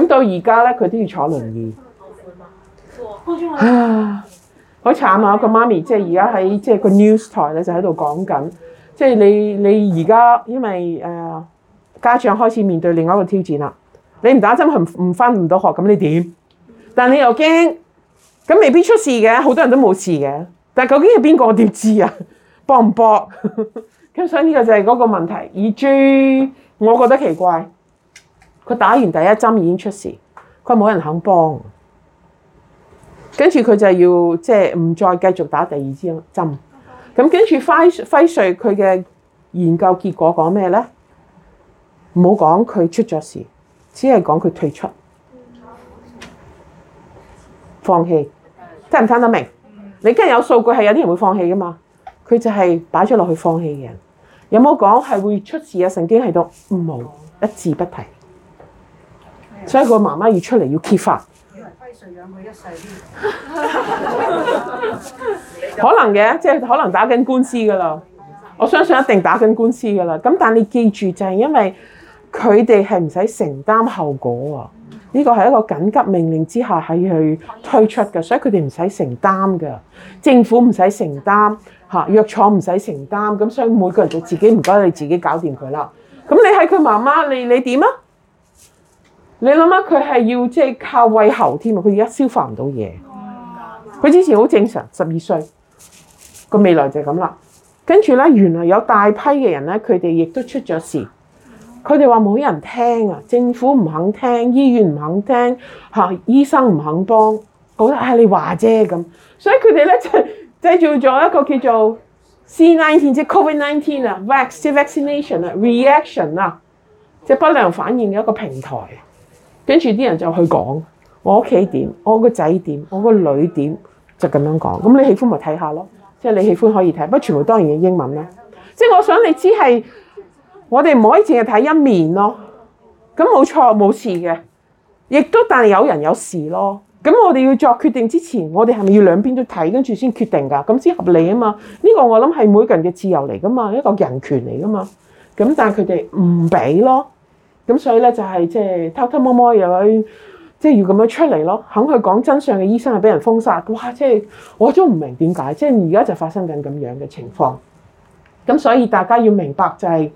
咁到而家咧，佢都要坐輪椅。啊，好慘啊！個 (laughs) (laughs) (laughs) (laughs) 媽咪即係而家喺即係個 news 台咧，就喺度講緊，即係你你而家因為誒家長開始面對另一個挑戰啦。你唔打針，唔唔翻唔到學，咁你點？但你又驚。咁未必出事嘅，好多人都冇事嘅。但究竟係邊個，我點知啊？博唔博？咁 (laughs) 所以呢個就係嗰個問題。而 J，我覺得奇怪，佢打完第一針已經出事，佢冇人肯幫。跟住佢就要即係唔再繼續打第二針。針。咁跟住輝輝瑞佢嘅研究結果講咩呢？唔好講佢出咗事，只係講佢退出，放棄。聽唔聽得明，你梗係有數據係有啲人會放棄噶嘛？佢就係擺咗落去放棄嘅人，有冇講係會出事啊？曾經係度唔冇一字不提，所以佢個媽媽要出嚟要揭發。以為虧稅養佢一世可能嘅，即係可能打緊官司噶啦。我相信一定打緊官司噶啦。咁但你記住就係因為佢哋係唔使承擔後果啊。呢個係一個緊急命令之下係去推出嘅，所以佢哋唔使承擔嘅，政府唔使承擔，嚇藥廠唔使承擔，咁所以每個人就自己唔該你自己搞掂佢啦。咁你係佢媽媽，你你點啊？你諗下，佢係要即係靠胃喉添啊！佢而家消化唔到嘢，佢之前好正常，十二歲，個未來就係咁啦。跟住咧，原來有大批嘅人咧，佢哋亦都出咗事。佢哋話冇人聽啊，政府唔肯聽，醫院唔肯聽，嚇醫生唔肯幫，覺得係你話啫咁。所以佢哋咧就製造咗一個叫做 C nineteen 即係 Covid nineteen 啊，vax vaccination 啊，reaction 啊，即係不良反應嘅一個平台。跟住啲人就去講我屋企點，我個仔點，我個女點，就咁樣講。咁你喜歡咪睇下咯，即係你喜歡可以睇，不過全部當然係英文啦。即係我想你知係。我哋唔可以淨係睇一面咯，咁冇錯冇事嘅，亦都但係有人有事咯。咁我哋要作決定之前，我哋係咪要兩邊都睇跟住先決定㗎？咁先合理啊嘛？呢個我諗係每個人嘅自由嚟噶嘛，一個人權嚟噶嘛。咁但係佢哋唔俾咯，咁所以咧就係即係偷偷摸摸又即係要咁樣出嚟咯。肯去講真相嘅醫生係俾人封殺，哇！即係我都唔明點解，即係而家就發生緊咁樣嘅情況。咁所以大家要明白就係。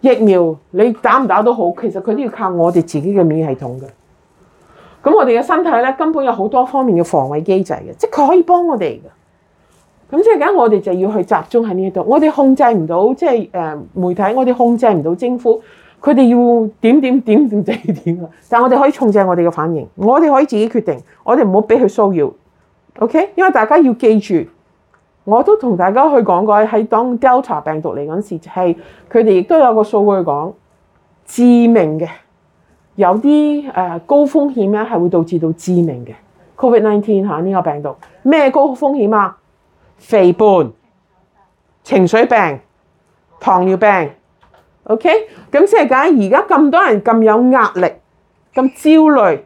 疫苗你打唔打都好，其實佢都要靠我哋自己嘅免疫系統嘅。咁我哋嘅身體呢，根本有好多方面嘅防衛機制嘅，即係佢可以幫我哋嘅。咁即係我哋就要去集中喺呢度，我哋控制唔到，即係、呃、媒體，我哋控制唔到政府，佢哋要點點點點點點。但我哋可以控制我哋嘅反應，我哋可以自己決定，我哋唔好畀佢騷擾。OK，因為大家要記住。我都同大家去講過喺當 Delta 病毒嚟嗰時，係佢哋亦都有個數據講，致命嘅有啲誒高風險咧，係會導致到致命嘅 Covid Nineteen 吓呢個病毒咩高風險啊？肥胖、情緒病、糖尿病，OK？咁即係解，而家咁多人咁有壓力、咁焦慮，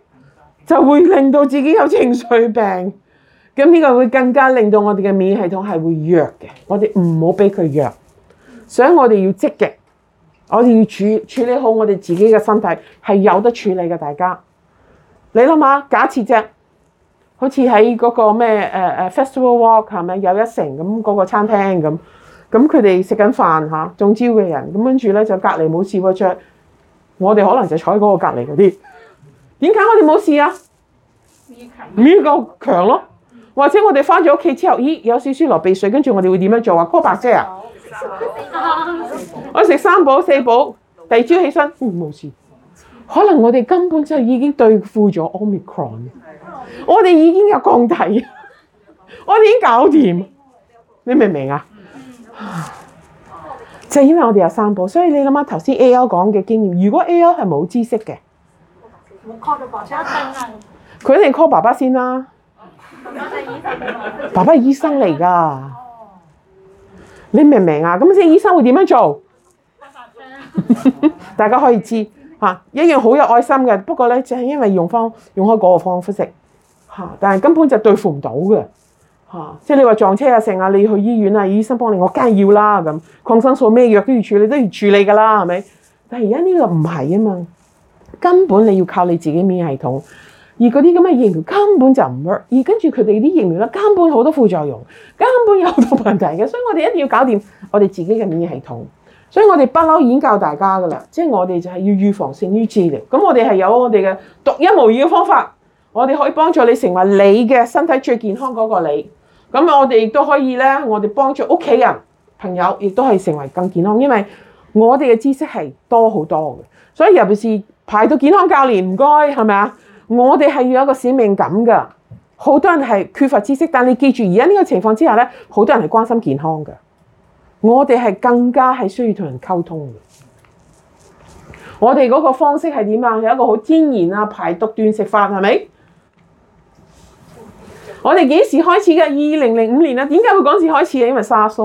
就會令到自己有情緒病。咁呢個會更加令到我哋嘅免疫系統係會弱嘅。我哋唔好俾佢弱，所以我哋要積極，我哋要處理好我哋自己嘅身體係有得處理嘅。大家你諗下，假設啫，好似喺嗰個咩誒誒 Festival Walk 係咪又一城咁，嗰個餐廳咁咁佢哋食緊飯嚇，中招嘅人咁跟住咧就隔離冇事嗰著，我哋可能就坐喺嗰個隔離嗰啲，點解我哋冇事啊？呢個強咯。或者我哋返咗屋企之後，咦，有少少流鼻水，跟住我哋會點樣做白啊？call 爸爸呀！我食三寶四寶，第二朝起身嗯冇事。可能我哋根本就已經對付咗 Omicron，我哋已經有抗體，我哋已經搞掂，你明唔明啊？就係、因為我哋有三寶，所以你諗下頭先 A O 講嘅經驗，如果 A O 係冇知識嘅，佢一定 call 爸爸先啦。爸爸係醫生嚟噶，你明唔明啊？咁即係醫生會點樣做？ (laughs) 大家可以知吓，一樣好有愛心嘅。不過咧，就係因為用翻用開嗰個方方式，吓，但係根本就是對付唔到嘅吓。即係你話撞車啊，成啊，你去醫院啊，醫生幫你，我梗係要啦咁。抗生素咩藥都要處理，都要處理噶啦，係咪？但係而家呢個唔係啊嘛，根本你要靠你自己免疫系統。而嗰啲咁嘅疫苗根本就唔 work，而跟住佢哋啲疫苗咧，根本好多副作用，根本有好多問題嘅，所以我哋一定要搞掂我哋自己嘅免疫系統。所以我哋不嬲已經教大家噶啦，即係我哋就係要預防勝於治療。咁我哋係有我哋嘅獨一無二嘅方法，我哋可以幫助你成為你嘅身體最健康嗰個你。咁我哋亦都可以咧，我哋幫助屋企人、朋友，亦都係成為更健康，因為我哋嘅知識係多好多嘅。所以尤其是排到健康教練唔該，係咪啊？我哋係要有一個使命感㗎，好多人係缺乏知識，但你記住而家呢個情況之下呢，好多人係關心健康㗎。我哋係更加係需要同人溝通嘅。我哋嗰個方式係點啊？有一個好天然啊，排毒斷食法係咪？我哋幾時開始嘅？二零零五年啦，點解會嗰時開始啊？因為沙士，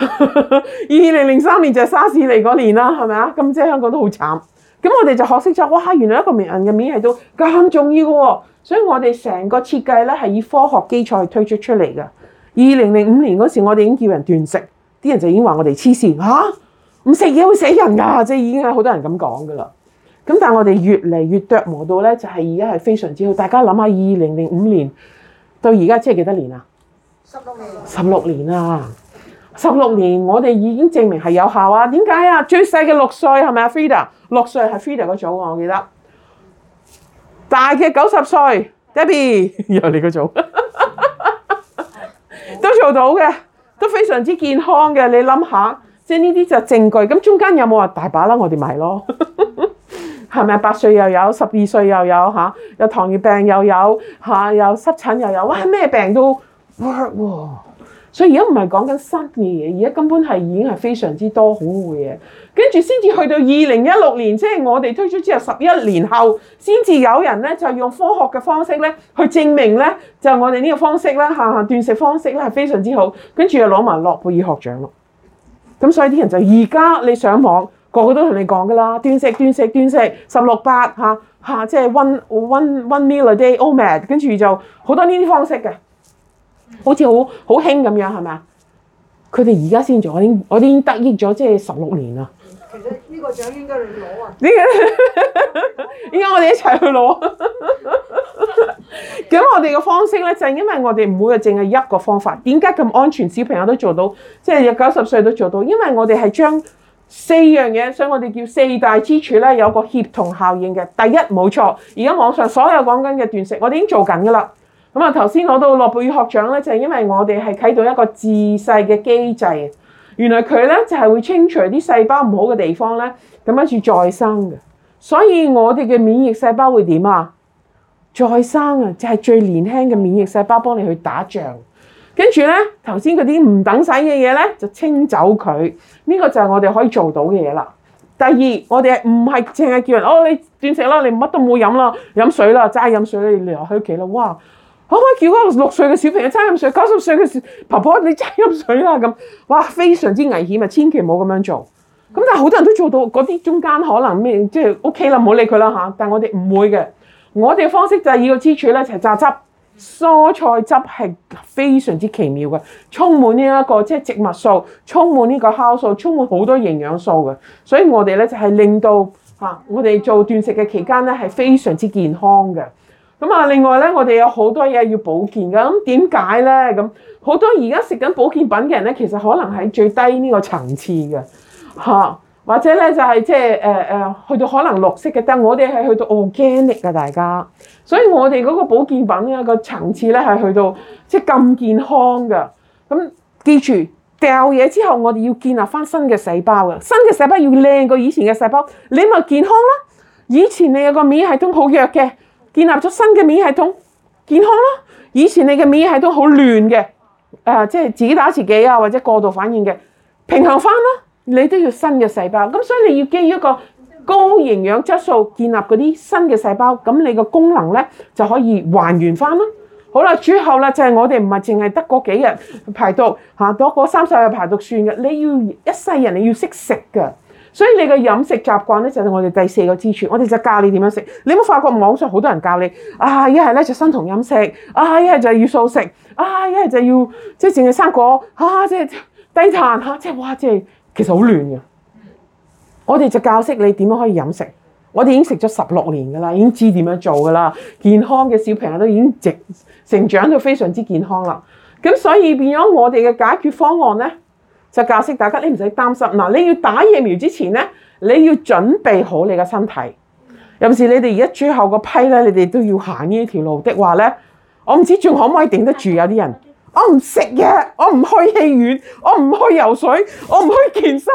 二零零三年就係沙士嚟嗰年啦，係咪啊？咁即係香港都好慘。咁我哋就學識咗，哇！原來一個名人嘅面係到咁重要嘅喎，所以我哋成個設計咧係以科學基礎去推出出嚟嘅。二零零五年嗰時，我哋已經叫人斷食，啲人就已經話我哋黐線嚇，唔食嘢會死人㗎，即係已經有好多人咁講㗎啦。咁但係我哋越嚟越琢磨到咧，就係而家係非常之好。大家諗下，二零零五年到而家即係幾多年啊？十六年。十六年啦。十六年，我哋已經證明係有效啊！點解啊？最細嘅六歲係咪啊？Frida，六歲係 Frida 個組喎，我記得。大嘅九十歲，Debbie 又係你個組， (laughs) 都做到嘅，都非常之健康嘅。你諗下，即係呢啲就證據。咁中間有冇啊？大把啦，我哋咪咯，係咪？八歲又有，十二歲又有嚇，有糖尿病又有嚇，有濕疹又有，哇！咩病都 work。所以而家唔係講緊新嘅嘢，而家根本係已經係非常之多好嘅嘢，跟住先至去到二零一六年，即係我哋推出之後十一年後，先至有人咧就用科學嘅方式咧去證明咧就我哋呢個方式啦嚇斷食方式咧係非常之好，跟住又攞埋諾貝爾學獎咯。咁所以啲人就而家你上網個個都同你講噶啦，斷食斷食斷食，十六八吓吓即係 one one one meal a day OMAD，跟住就好多呢啲方式嘅。好似好好興咁樣，係咪啊？佢哋而家先做，我啲我已經得益咗，即係十六年啦。其實呢個獎應該你攞啊！點解 (laughs) 我哋一齊去攞？咁 (laughs) 我哋嘅方式咧，就係、因為我哋唔會淨係一個方法。點解咁安全？小朋友都做到，即係有九十歲都做到。因為我哋係將四樣嘢，所以我哋叫四大支柱咧，有一個協同效應嘅。第一冇錯，而家網上所有講緊嘅斷食，我哋已經做緊噶啦。咁啊，頭先講到諾貝爾學獎咧，就係因為我哋係啟動一個自細嘅機制。原來佢咧就係會清除啲細胞唔好嘅地方咧，咁跟住再生嘅。所以我哋嘅免疫細胞會點啊？再生啊，就係最年輕嘅免疫細胞幫你去打仗。跟住咧，頭先嗰啲唔等使嘅嘢咧，就清走佢。呢個就係我哋可以做到嘅嘢啦。第二，我哋唔係淨係叫人哦，你斷食啦，你乜都冇飲啦，飲水啦，齋飲水你留喺屋企啦。哇！可唔可以叫嗰個六歲嘅小朋友齋飲水？九十歲嘅婆婆你齋飲水啦咁，哇，非常之危險啊！千祈唔好咁樣做。咁但係好多人都做到，嗰啲中間可能咩，即係 OK 啦，唔好理佢啦吓。但係我哋唔會嘅，我哋方式就係二個支柱咧，就係榨汁。蔬菜汁係非常之奇妙嘅，充滿呢一個即係植物素，充滿呢個酵素，充滿好多營養素嘅。所以我哋咧就係令到吓我哋做斷食嘅期間咧係非常之健康嘅。咁啊！另外咧，我哋有好多嘢要保健噶。咁點解咧？咁好多而家食緊保健品嘅人咧，其實可能係最低呢個層次嘅吓，或者咧就係即係誒誒去到可能綠色嘅，但我哋係去到 organic 噶大家，所以我哋嗰個保健品嘅個層次咧係去到即係咁健康嘅。咁記住掉嘢之後，我哋要建立翻新嘅細胞呀，新嘅細胞要靚過以前嘅細胞，你咪健康啦。以前你有個免疫系統好弱嘅。建立咗新嘅免疫系統，健康啦。以前你嘅免疫系統好亂嘅，誒、呃，即係自己打自己啊，或者過度反應嘅，平衡翻啦。你都要新嘅細胞，咁所以你要基於一個高營養質素建立嗰啲新嘅細胞，咁你個功能呢就可以還原翻啦。好啦，最後啦就係我哋唔係淨係得嗰幾日排毒嚇，多過三十日排毒算嘅，你要一世人你要識食嘅。所以你嘅飲食習慣咧就係我哋第四個支柱，我哋就教你點樣食。你有冇發覺網上好多人教你啊？一係咧就生酮飲食，啊一係就要素食，啊一係就要，是要即係淨係生果，啊即係低碳吓，即係、啊、哇！即係其實好亂嘅。我哋就教識你點樣可以飲食。我哋已經食咗十六年噶啦，已經知點樣做噶啦。健康嘅小朋友都已經成成長到非常之健康啦。咁所以變咗我哋嘅解決方案咧。就教識大家，你唔使擔心。嗱，你要打疫苗之前咧，你要準備好你嘅身體。尤其是你哋而家最後個批咧，你哋都要行呢一條路的話咧，我唔知仲可唔可以頂得住。有啲人我唔食嘢，我唔去戲院，我唔去游水，我唔去健身，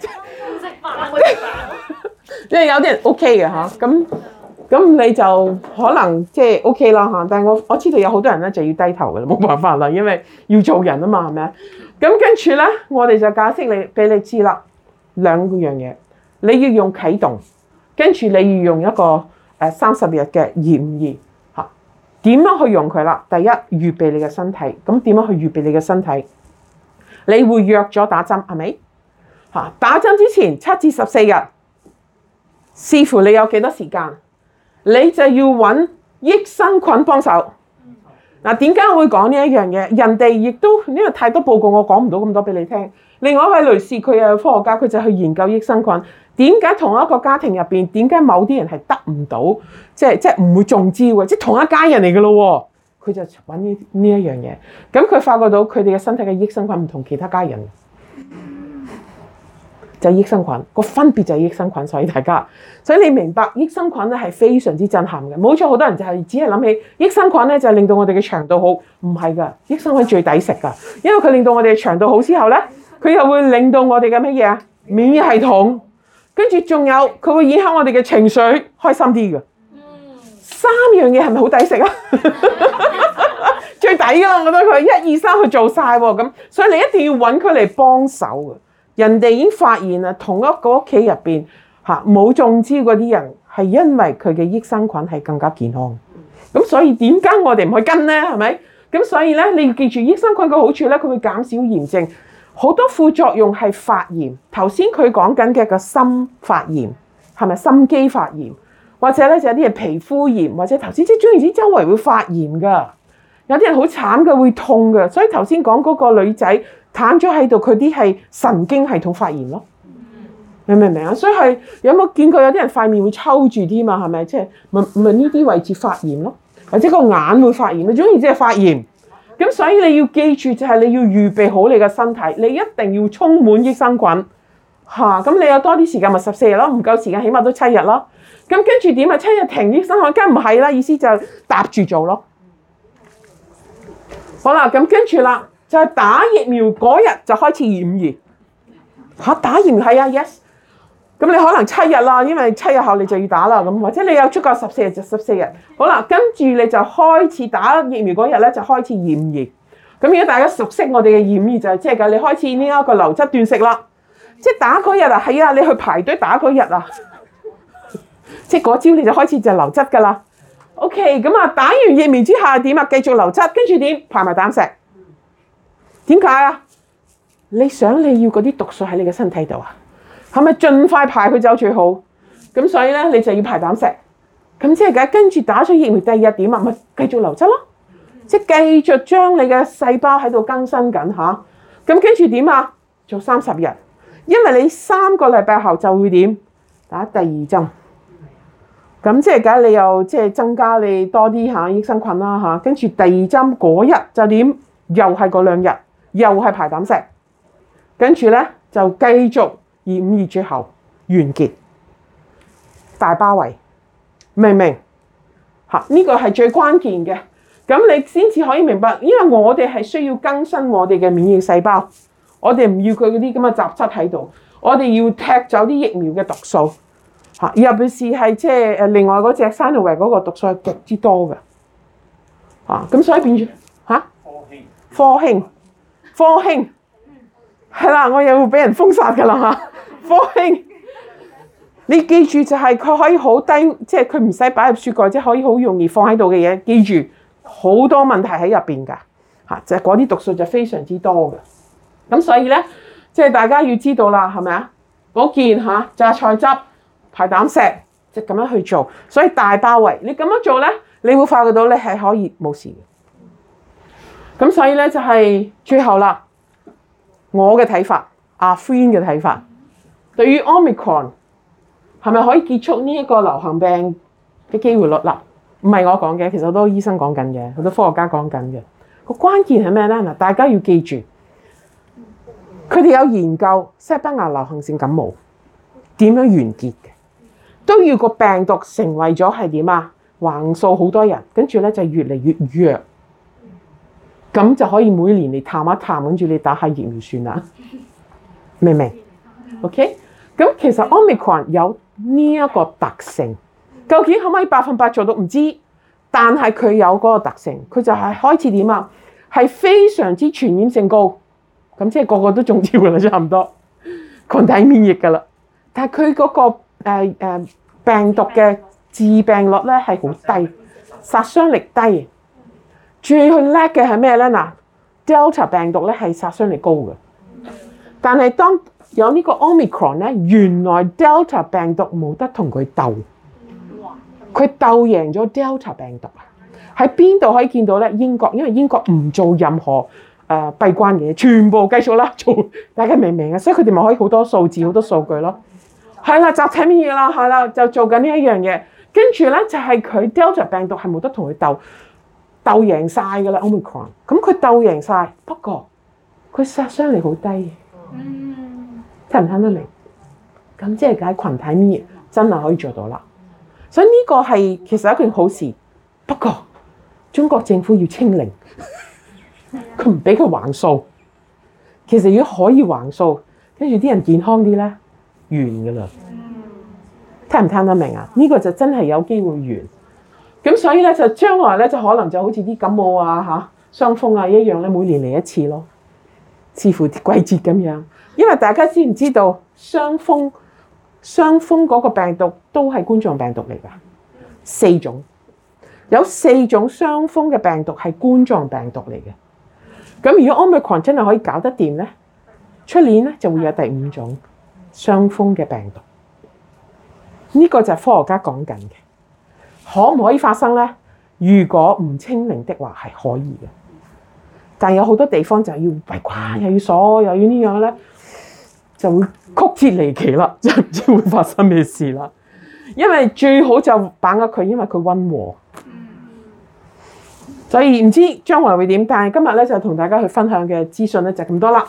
即唔食飯嗰啲。因為有啲人 OK 嘅嚇，咁咁你就可能即係 OK 啦嚇。但係我我知道有好多人咧就要低頭嘅啦，冇辦法啦，因為要做人啊嘛，係咪啊？咁跟住呢，我哋就解釋你俾你知啦，兩樣嘢，你要用啟動，跟住你要用一個誒三十日嘅嫌疑嚇，點樣去用佢啦？第一，預備你嘅身體，咁點樣去預備你嘅身體？你會約咗打針係咪？打針之前七至十四日，視乎你有幾多時間，你就要揾益生菌幫手。嗱，點解我會講呢一樣嘢？人哋亦都因為太多報告，我講唔到咁多俾你聽。另外一位女士，佢又係科學家，佢就去研究益生菌。點解同一個家庭入邊，點解某啲人係得唔到，即係即係唔會中招？即係同一家人嚟嘅咯，佢就揾呢呢一樣嘢。咁佢發覺到佢哋嘅身體嘅益生菌唔同其他家人。就係益生菌，個分別就係益生菌，所以大家，所以你明白益生菌呢係非常之震撼嘅。冇錯，好多人就係只係諗起益生菌咧，就令到我哋嘅腸道好，唔係㗎，益生菌最抵食㗎，因為佢令到我哋嘅腸道好之後呢，佢又會令到我哋嘅咩嘢啊？免疫系統，跟住仲有佢會影響我哋嘅情緒，開心啲噶。三樣嘢係咪好抵食啊？ (laughs) (laughs) 最抵㗎，我覺得佢一、二、三去做晒喎，噉，所以你一定要揾佢嚟幫手。人哋已經發現啦，同一個屋企入面冇中招嗰啲人，係因為佢嘅益生菌係更加健康。咁所以點解我哋唔去跟咧？係咪？咁所以咧，你要記住益生菌嘅好處咧，佢會減少炎症，好多副作用係發炎。頭先佢講緊嘅個心發炎係咪心肌發炎，或者咧就有啲人皮膚炎，或者頭先即係總之，周圍會發炎噶。有啲人好慘嘅會痛㗎。所以頭先講嗰個女仔。淡咗喺度，佢啲係神經系統發炎咯。你明唔明啊？所以係有冇見過有啲人塊面會抽住啲嘛？係咪？即係咪咪呢啲位置發炎咯，或者個眼會發炎，你總言之係發炎。咁所以你要記住，就係你要預備好你嘅身體，你一定要充滿益生菌吓，咁、啊、你有多啲時間咪十四日咯，唔夠時間起碼都七日咯。咁跟住點啊？七日停益生菌，梗唔係啦。意思就搭住做咯。好啦，咁跟住啦。就係、是、打疫苗嗰日就開始驗驗、啊、打完係啊 yes 咁你可能七日啦，因為七日後你就要打啦咁，或者你有足夠十四日就十四日好啦。跟住你就開始打疫苗嗰日咧就開始驗驗咁。如果大家熟悉我哋嘅驗驗就係即係㗎，你開始呢一個流質斷食啦，即係打嗰日啊，係啊，你去排隊打嗰日啊，即係嗰朝你就開始就流質㗎啦。OK 咁啊，打完疫苗之後點啊？繼續流質，跟住點排埋膽石。點解啊？你想你要嗰啲毒素喺你嘅身體度啊？係咪盡快排佢走最好？咁所以咧，你就要排膽石。咁即係解跟住打咗疫苗第二日點、就是、啊，咪繼續流失咯，即係繼續將你嘅細胞喺度更新緊吓。咁跟住點啊？做三十日，因為你三個禮拜後就會點打第二針。咁即係解你又即係、就是、增加你多啲吓益生菌啦吓。跟、啊、住第二針嗰日就點？又係嗰兩日。又係排膽石，跟住呢就繼續二五二最後完結大包圍，明唔明？呢個係最關鍵嘅，咁你先至可以明白。因為我哋係需要更新我哋嘅免疫細胞，我哋唔要佢嗰啲咁嘅雜質喺度，我哋要踢走啲疫苗嘅毒素。嚇，尤其是係即係另外嗰隻山藥嗰個毒素係極之多嘅。啊，咁所以變咗，嚇，科興，科興。科興，係啦，我又會俾人封殺噶啦嚇。科興，你記住就係佢可以好低，即係佢唔使擺入雪櫃，即係可以好容易放喺度嘅嘢。記住好多問題喺入邊噶嚇，就係嗰啲毒素就非常之多嘅。咁所以咧，即係大家要知道啦，係咪啊？件吓，榨菜汁、排膽石，即係咁樣去做。所以大包圍，你咁樣做咧，你會發覺到咧係可以冇事嘅。咁所以呢，就係最後啦，我嘅睇法，阿 Freen 嘅睇法，對於 Omicron 係咪可以結束呢一個流行病嘅機會率啦？唔係我講嘅，其實好多醫生講緊嘅，好多科學家講緊嘅。個關鍵係咩呢？大家要記住，佢哋有研究西班牙流行性感冒點樣完結嘅，都要個病毒成為咗係點呀？橫掃好多人，跟住呢就越嚟越弱。咁就可以每年嚟探一探，跟住你打下疫苗算啦，明唔明？OK，咁其實 omicron 有呢一個特性，究竟可唔可以百分百做到唔知？但係佢有嗰個特性，佢就係開始點啊，係非常之傳染性高，咁即係個個都中招啦，差唔多，群體免疫㗎啦。但係佢嗰個、呃呃、病毒嘅致病率咧係好低，殺傷力低。最叻嘅係咩咧？嗱，Delta 病毒咧係殺傷力高嘅，但係當有呢個 Omicron 咧，原來 Delta 病毒冇得同佢鬥，佢鬥贏咗 Delta 病毒啊！喺邊度可以見到咧？英國，因為英國唔做任何誒閉關嘢，全部繼續啦做，大家明唔明啊？所以佢哋咪可以好多數字、好多數據咯。係、嗯、啦，集體乜嘢啦？係啦，就做緊呢一樣嘢，跟住咧就係佢 Delta 病毒係冇得同佢鬥。鬥贏晒噶啦 Omicron 咁佢鬥贏晒，不過佢殺傷力好低，聽唔聽得明？咁 (noise) 即係喺群體免疫？真係可以做到啦，所以呢個係其實一件好事，不過中國政府要清零，佢唔俾佢橫掃，其實如果可以橫掃，跟住啲人健康啲咧，完噶啦，聽唔聽得明啊？呢、這個就真係有機會完。咁所以呢，就將來呢，就可能就好似啲感冒啊、嚇傷風啊一樣咧，每年嚟一次咯，似乎啲季節咁樣。因為大家知唔知道，傷風、傷風嗰個病毒都係冠狀病毒嚟㗎。四種有四種傷風嘅病毒係冠狀病毒嚟嘅。咁如果 Omicron 真係可以搞得掂呢，出年呢就會有第五種傷風嘅病毒。呢、這個就係科學家講緊嘅。可唔可以發生呢？如果唔清零的話，係可以嘅。但有好多地方就係要閉關，又要鎖，又要呢樣呢，就會曲折離奇啦，就唔知會發生咩事啦。因為最好就把握佢，因為佢溫和。嗯。所以唔知將來會點，但係今日呢，就同大家去分享嘅資訊呢，就咁多啦。